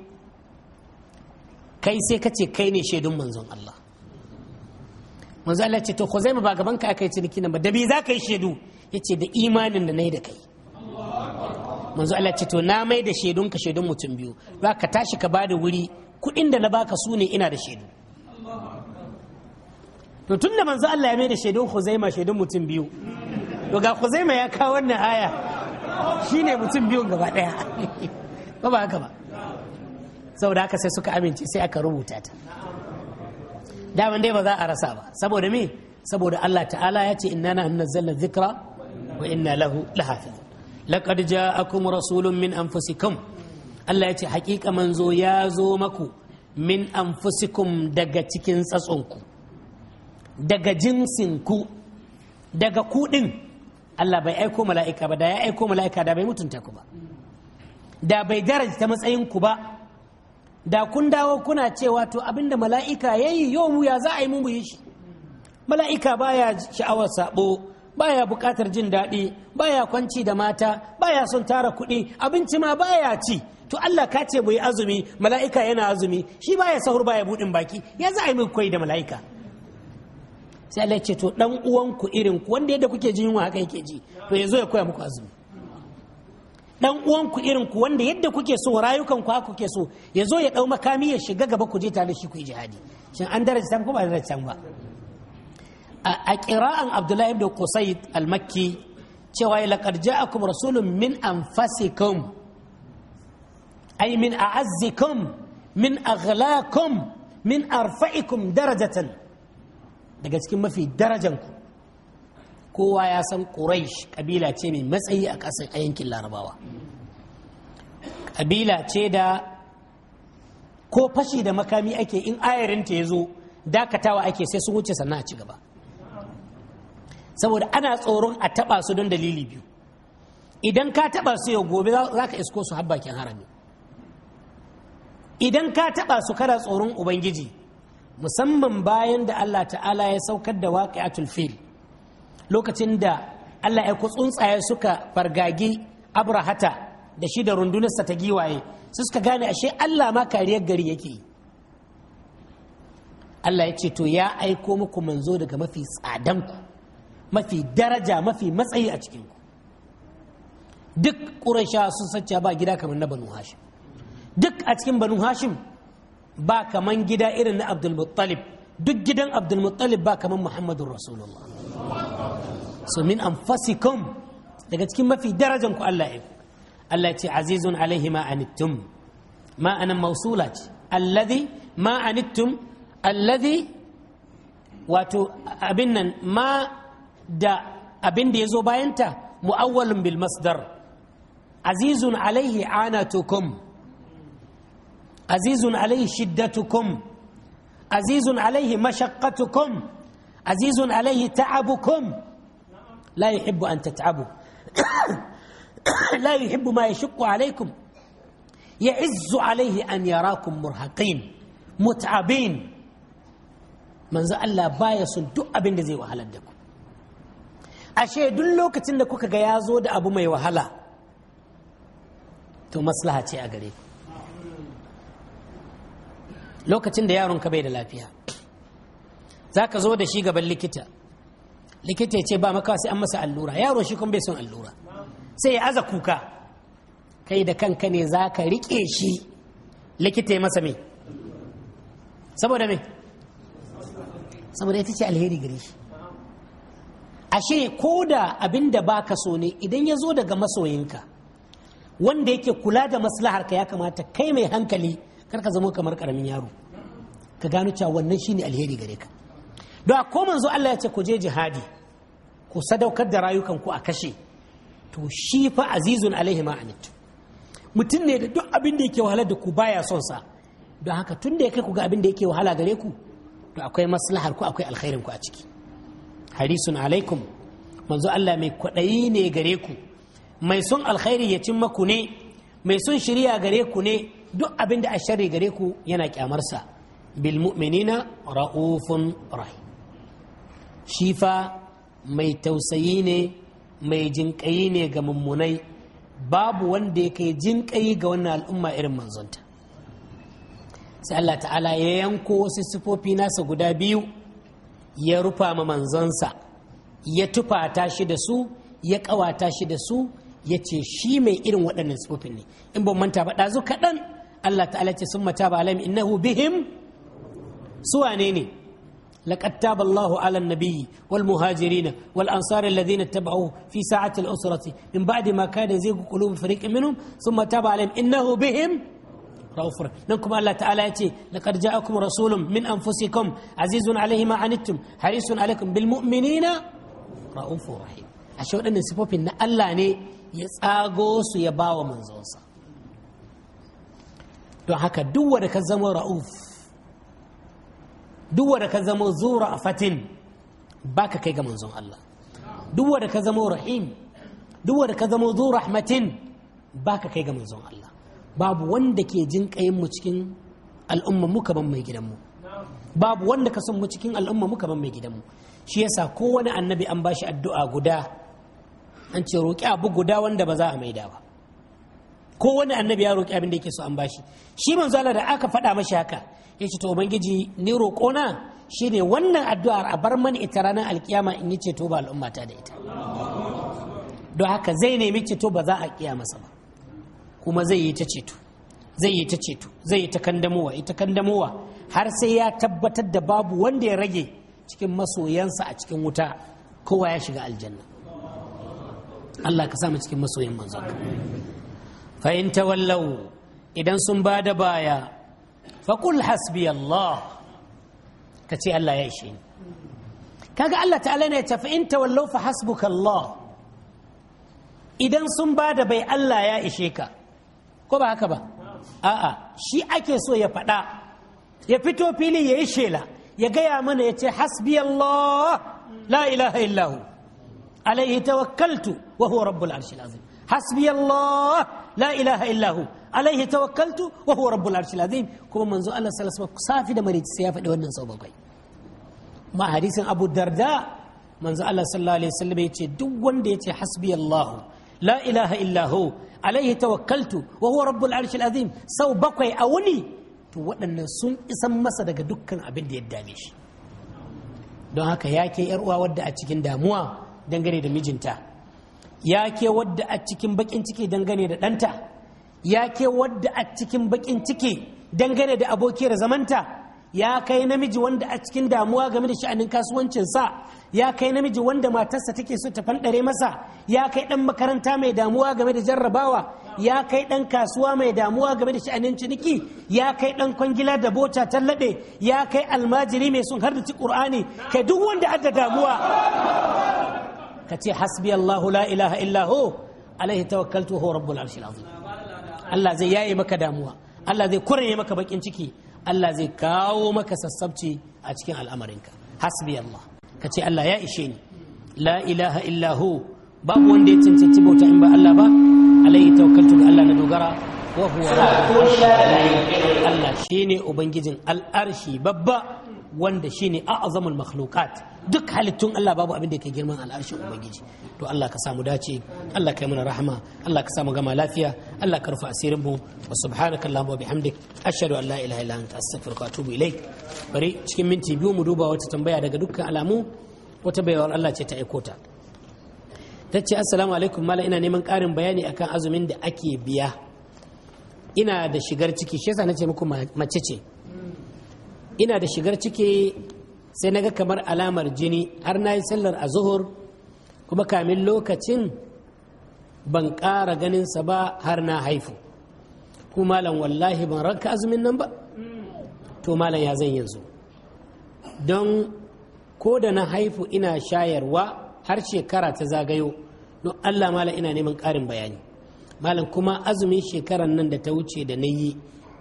kai sai ka ce kai ne shaidun manzon Allah manzo Allah ce to zai ba gaban ka aka yi ciniki nan ba da bi za ka yi shaidu yace da imanin da nayi da kai manzo Allah ce to na mai da shaidun ka shaidun mutum biyu za ka tashi ka bada wuri kuɗin da na baka su ne ina da shaidu to tun da manzo Allah ya mai da shaidun Khuzaima shaidun mutum biyu to ga Khuzaima ya kawo wannan aya shine mutum biyun gaba daya ba ba haka ba saboda haka sai suka amince sai aka rubuta ta daman dai ba za a rasa ba saboda me saboda Allah ta'ala ya ce inna na nazzalna dhikra wa inna lahu lahafiz a kuma rasulun min anfusikum Allah ya ce haƙiƙa manzo ya zo maku min anfusikum daga cikin tsatsonku daga jinsinku daga kuɗin Allah bai aiko mala'ika ba da ya aiko mala'ika da bai mutunta ku ba da bai daraja matsayinku ba da kun dawo kuna cewa to abinda mala'ika ya yi yau mu ya za a yi mu yi shi mala'ika baya sha'awar saɓo. baya buƙatar jin daɗi baya kwanci da mata baya son tara kuɗi abinci ma baya ci to Allah ka ce mu azumi mala'ika yana azumi shi baya sahur baya buɗin baki ya za a yi min koyi da mala'ika sai Allah ce to dan uwanku irin ku wanda yadda kuke jin yunwa haka yake ji to ya ya koya muku azumi dan uwanku irin ku wanda yadda kuke so rayukan ku haka kuke so ya zo ya ɗau makami ya shiga gaba ku je tare shi ku yi jihadi shin an daraja ta ko ba daraja ta ba a ƙira'an abdullahi ibn qusayd al-makki cewa laqad ja'akum rasulun min anfasikum Ai min a'azzikum min aghlakum min arfa'ikum darajatan daga cikin mafi darajanku kowa ya san quraish kabila ce mai matsayi a ƙasar yankin larabawa kabila ce da ko fashi da makami ake in ayarinta ya zo dakatawa ake sai sun wuce sannan a ci gaba saboda ana tsoron a taba su don dalili biyu idan ka taba su yau gobe za ka isko su habbakin harami idan ka taɓa su kana tsoron ubangiji musamman bayan da Allah ta'ala ya saukar da a tulfil lokacin da Allah ya tsuntsaye suka fargagi abrahata da shi da rundunarsa ta giwaye su suka gane ashe Allah ma kariyar gari yake yi Allah ya ce to ya aiko muku manzo daga mafi tsadanku mafi daraja mafi matsayi a cikinku duk ƙuraisha sun sacca ba gida kamar na banu hashim duk a cikin banu hashim ba kaman gida irin na abdulmuttalib duk gidan abdulmuttalib ba kaman muhammadun rasulullah so min anfasikum daga cikin mafi darajan ku Allah ya Allah ce azizun alaihi ma anittum ma anan mausula ce alladhi ma anittum alladhi wato abin nan ma da abin da ya zo bayanta mu'awwalun bil masdar azizun alaihi anatukum azizun alaihi shiddatukum azizun alaihi mashaqqatukum azizun alaihi ta'abukum la yuhibbu an tat'abu la yuhibbu ma يشق عليكم يعز عليه أن يراكم مرهقين متعبين من زال الله بايس دؤ بن ذي وهلدكم ashe duk lokacin da kuka ga ya zo da abu mai wahala to maslaha ce a gare ku lokacin da yaron ka bai da lafiya za ka zo da shi gaban likita likita ya ce ba maka sai an masa allura yaro shi kuma bai son allura sai ya aza kuka kai da kanka ne za ka riƙe shi likita ya masa me saboda me saboda ita ce alheri gare shi ashe ko da abin da ba ka so ne idan ya zo daga masoyinka wanda yake kula da maslahar ka ya kamata kai mai hankali kar ka zama kamar karamin yaro ka gano cewa wannan shine alheri gare ka don ko manzo Allah ya ce ku je jihadi ku sadaukar da rayukan ku a kashe to shi fa azizun alaihi ma'anit mutum ne da duk abin da yake wahala da ku baya son sa don haka tun da ya kai ku ga abin da yake wahala gare ku to akwai maslahar ku akwai alkhairin ku a ciki harisun alaikum manzo Allah mai kwaɗayi ne gare ku mai sun alkhairi ya cin maku ne mai sun shirya gare ku ne duk abin da a ashari gare ku yana kyamarsa bilmuminina mu'minina ra'ufun rai shi mai tausayi ne mai jinƙayi ne ga mummunai babu wanda ya kai jinƙayi ga wannan al'umma irin manzonta sai Allah ta'ala ya yanko wasu sifofi nasa guda biyu ya rufa ma manzansa ya tufata shi da su ya ƙawata shi da su ya ce shi mai irin waɗannan tsofin ne in ban manta ba ɗazu kaɗan Allah ta'ala ce sun mata ba alam innahu bihim su wane ne laqad taba 'ala nabiyyi wal muhajirin wal ansar alladhina tabauhu fi sa'ati al-usrati min ba'di ma kada yazigu qulubu fariqin minhum thumma taba alaihim innahu bihim raufur nan kuma Allah ta'ala ya ce laqad ja'akum rasulun min anfusikum azizun alaihi ma anittum harisun alaikum bil mu'minina raufur rahim ashe waɗannan sifofin na Allah ne ya tsago su ya bawa manzonsa don haka duk wanda ka zama rauf duk wanda ka zama zura fatin baka kai ga manzon Allah duk ka zama rahim ka zu kai ga manzon Allah babu wanda ke jin mu cikin al'umma mu ban mai gidanmu babu wanda ka son mu cikin al'umma mu ban mai gidanmu shi yasa kowane annabi an bashi addu'a guda an ce roƙi abu guda wanda ba za a maida ba kowane annabi ya roƙi abin da yake so an bashi shi manzo Allah da aka faɗa mashi haka ya ce to ubangiji ni roƙona shine wannan addu'ar a bar mani ita ranar alkiyama in yi ceto ba al'ummata da ita don haka zai nemi ceto ba za a kiyama masa ba kuma zai yi ta ceto zai yi ta ceto zai yi ta kandamowa ita kandamowa har sai ya tabbatar da babu wanda ya rage cikin masoyansa a cikin wuta kowa ya shiga aljanna Allah ka samu cikin masoyan manzon fa in tawallau idan sun ba da baya fa qul hasbi Allah ka ce Allah ya ishe ni kaga Allah ta'ala ne ya ce fa in tawallau fa hasbuka Allah idan sun ba da bai Allah ya ishe ka ko ba haka ba a'a shi ake so ya faɗa ya fito fili ya yi shela ya gaya mana ya ce hasbi Allah la ilaha illahu alaihi tawakkaltu wa huwa rabbul arshil azim hasbi Allah la ilaha illahu alaihi tawakkaltu wa huwa rabbul arshil azim kuma manzo Allah sallallahu alaihi wasallam safi da marici sai ya faɗi wannan sau bakwai ma hadisin Abu Darda manzo Allah sallallahu alaihi wasallam ya ce duk wanda ya ce hasbi Allah la ilaha illahu alaihi tawakkaltu wa huwa rabbul arshil azim sau bakwai a wuni to waɗannan sun isan masa daga dukkan abin da ya dame shi don haka ya ke yar uwa wadda a cikin damuwa dangane da mijinta ya ke wadda a cikin bakin ciki dangane da ɗanta ya ke wadda a cikin bakin ciki dangane da abokiyar zamanta ya kai namiji wanda a cikin damuwa game da sha'anin kasuwancinsa ya kai namiji wanda matarsa take so ta fanɗare masa ya kai ɗan makaranta mai damuwa game da jarrabawa ya kai ɗan kasuwa mai damuwa game da sha'anin ciniki ya kai ɗan kwangila da bota tallaɗe ya kai almajiri mai sun harda ci ƙur'ani kai duk wanda adda damuwa ka ce hasbi allahu la ilaha illa hu alaihi tawakkaltu hu rabbul arshil azim Allah zai yaye maka damuwa Allah zai kuraye maka bakin ciki Allah zai kawo maka sassabci a cikin al'amarinka hasbi Allah ka ce Allah ya ishe ni la ilaha illa hu babu wanda ya cancanci bauta in ba Allah ba alaihi tawakkaltu ga Allah na dogara wa huwa Allah shine ubangijin al'arshi babba wanda shi ne a'azamul makhluqat duk halittun Allah babu abin da ke girman al'arshin ubangiji to Allah ka samu dace Allah ka yi mana rahama Allah ka samu gama lafiya Allah ka rufa asirin mu wa subhanakallahumma wa bihamdik ashhadu an la ilaha illa anta astaghfiruka wa atubu ilaik bari cikin minti biyu mu duba wata tambaya daga dukkan alamu wata bayawar Allah ce ta aiko ta ta ce assalamu alaikum mala ina neman ƙarin bayani akan azumin da ake biya ina da shigar ciki shi yasa nace muku mace ce ina da shigar ciki sai na ga kamar alamar jini har na yi sallar a zuhur kuma kamin lokacin ban ƙara sa ba har na haifu ku malam wallahi ban ranka azumin nan ba to malam ya zan yanzu don ko da na haifu ina shayarwa har shekara ta zagayo don allah malam ina neman ƙarin bayani malam kuma azumin shekaran nan da ta wuce da na yi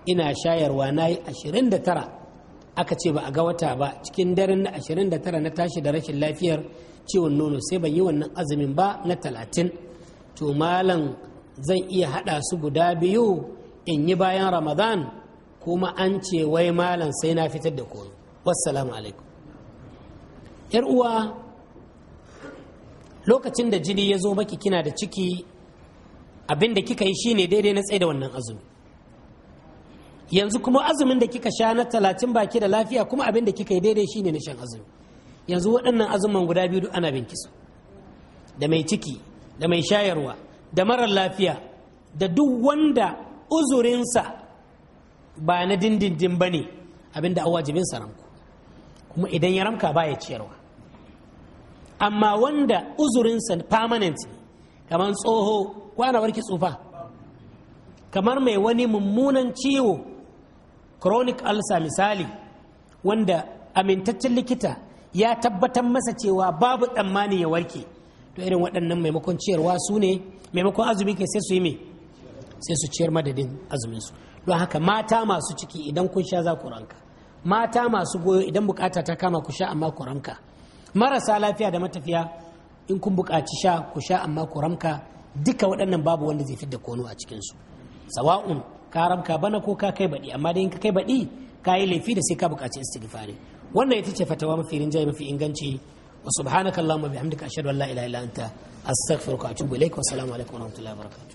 ina shayarwa na yi ashirin da tara aka ce ba a ga wata ba cikin daren na 29 na tashi da rashin lafiyar ciwon nono sai ban yi wannan azumin ba na 30 to malam zan iya hada su guda biyu in yi bayan ramadan kuma an ce wai malam sai na fitar da koyo wassalamu alaikum yar uwa lokacin da jini ya zo baki kina da ciki abin da kika yi shine daidai na tsaye da wannan azumi yanzu kuma azumin da kika sha na talatin baki da lafiya kuma abin da kika yi daidai shine na shan azumi yanzu waɗannan azumin guda biyu duk ana bin su da mai ciki da mai shayarwa da marar lafiya da duk wanda uzurinsa ba na dindindin ba ne abin da awajibinsa ranku kuma idan ya ramka baya ciyarwa amma wanda uzurinsa permanent ne kamar tsoho kwanawar ana tsufa kamar mai wani mummunan ciwo chronic ulcer misali wanda amintaccen likita ya tabbatar masa cewa babu tsammani ya warke to irin waɗannan maimakon ciyarwa su ne maimakon azumi ke sai su yi me sai su ciyar madadin azumin su don haka mata masu ciki idan kun sha za ku ranka mata masu goyo idan bukata ta kama ku sha amma ku ranka marasa lafiya da matafiya in kun bukaci sha ku sha amma ku ranka duka waɗannan babu wanda zai da konu a cikin su sawa'un ka haramka bana ko ka kai baɗi amma dai in ka kai baɗi ka yi laifi da sai ka buƙaci istighfari wannan ita ce fatawa mafi rinjaye mafi inganci wa subhanakallahumma bihamdika ashhadu an la ilaha illa anta astaghfiruka wa atubu ilaik wa assalamu alaikum wa rahmatullahi wa barakatuh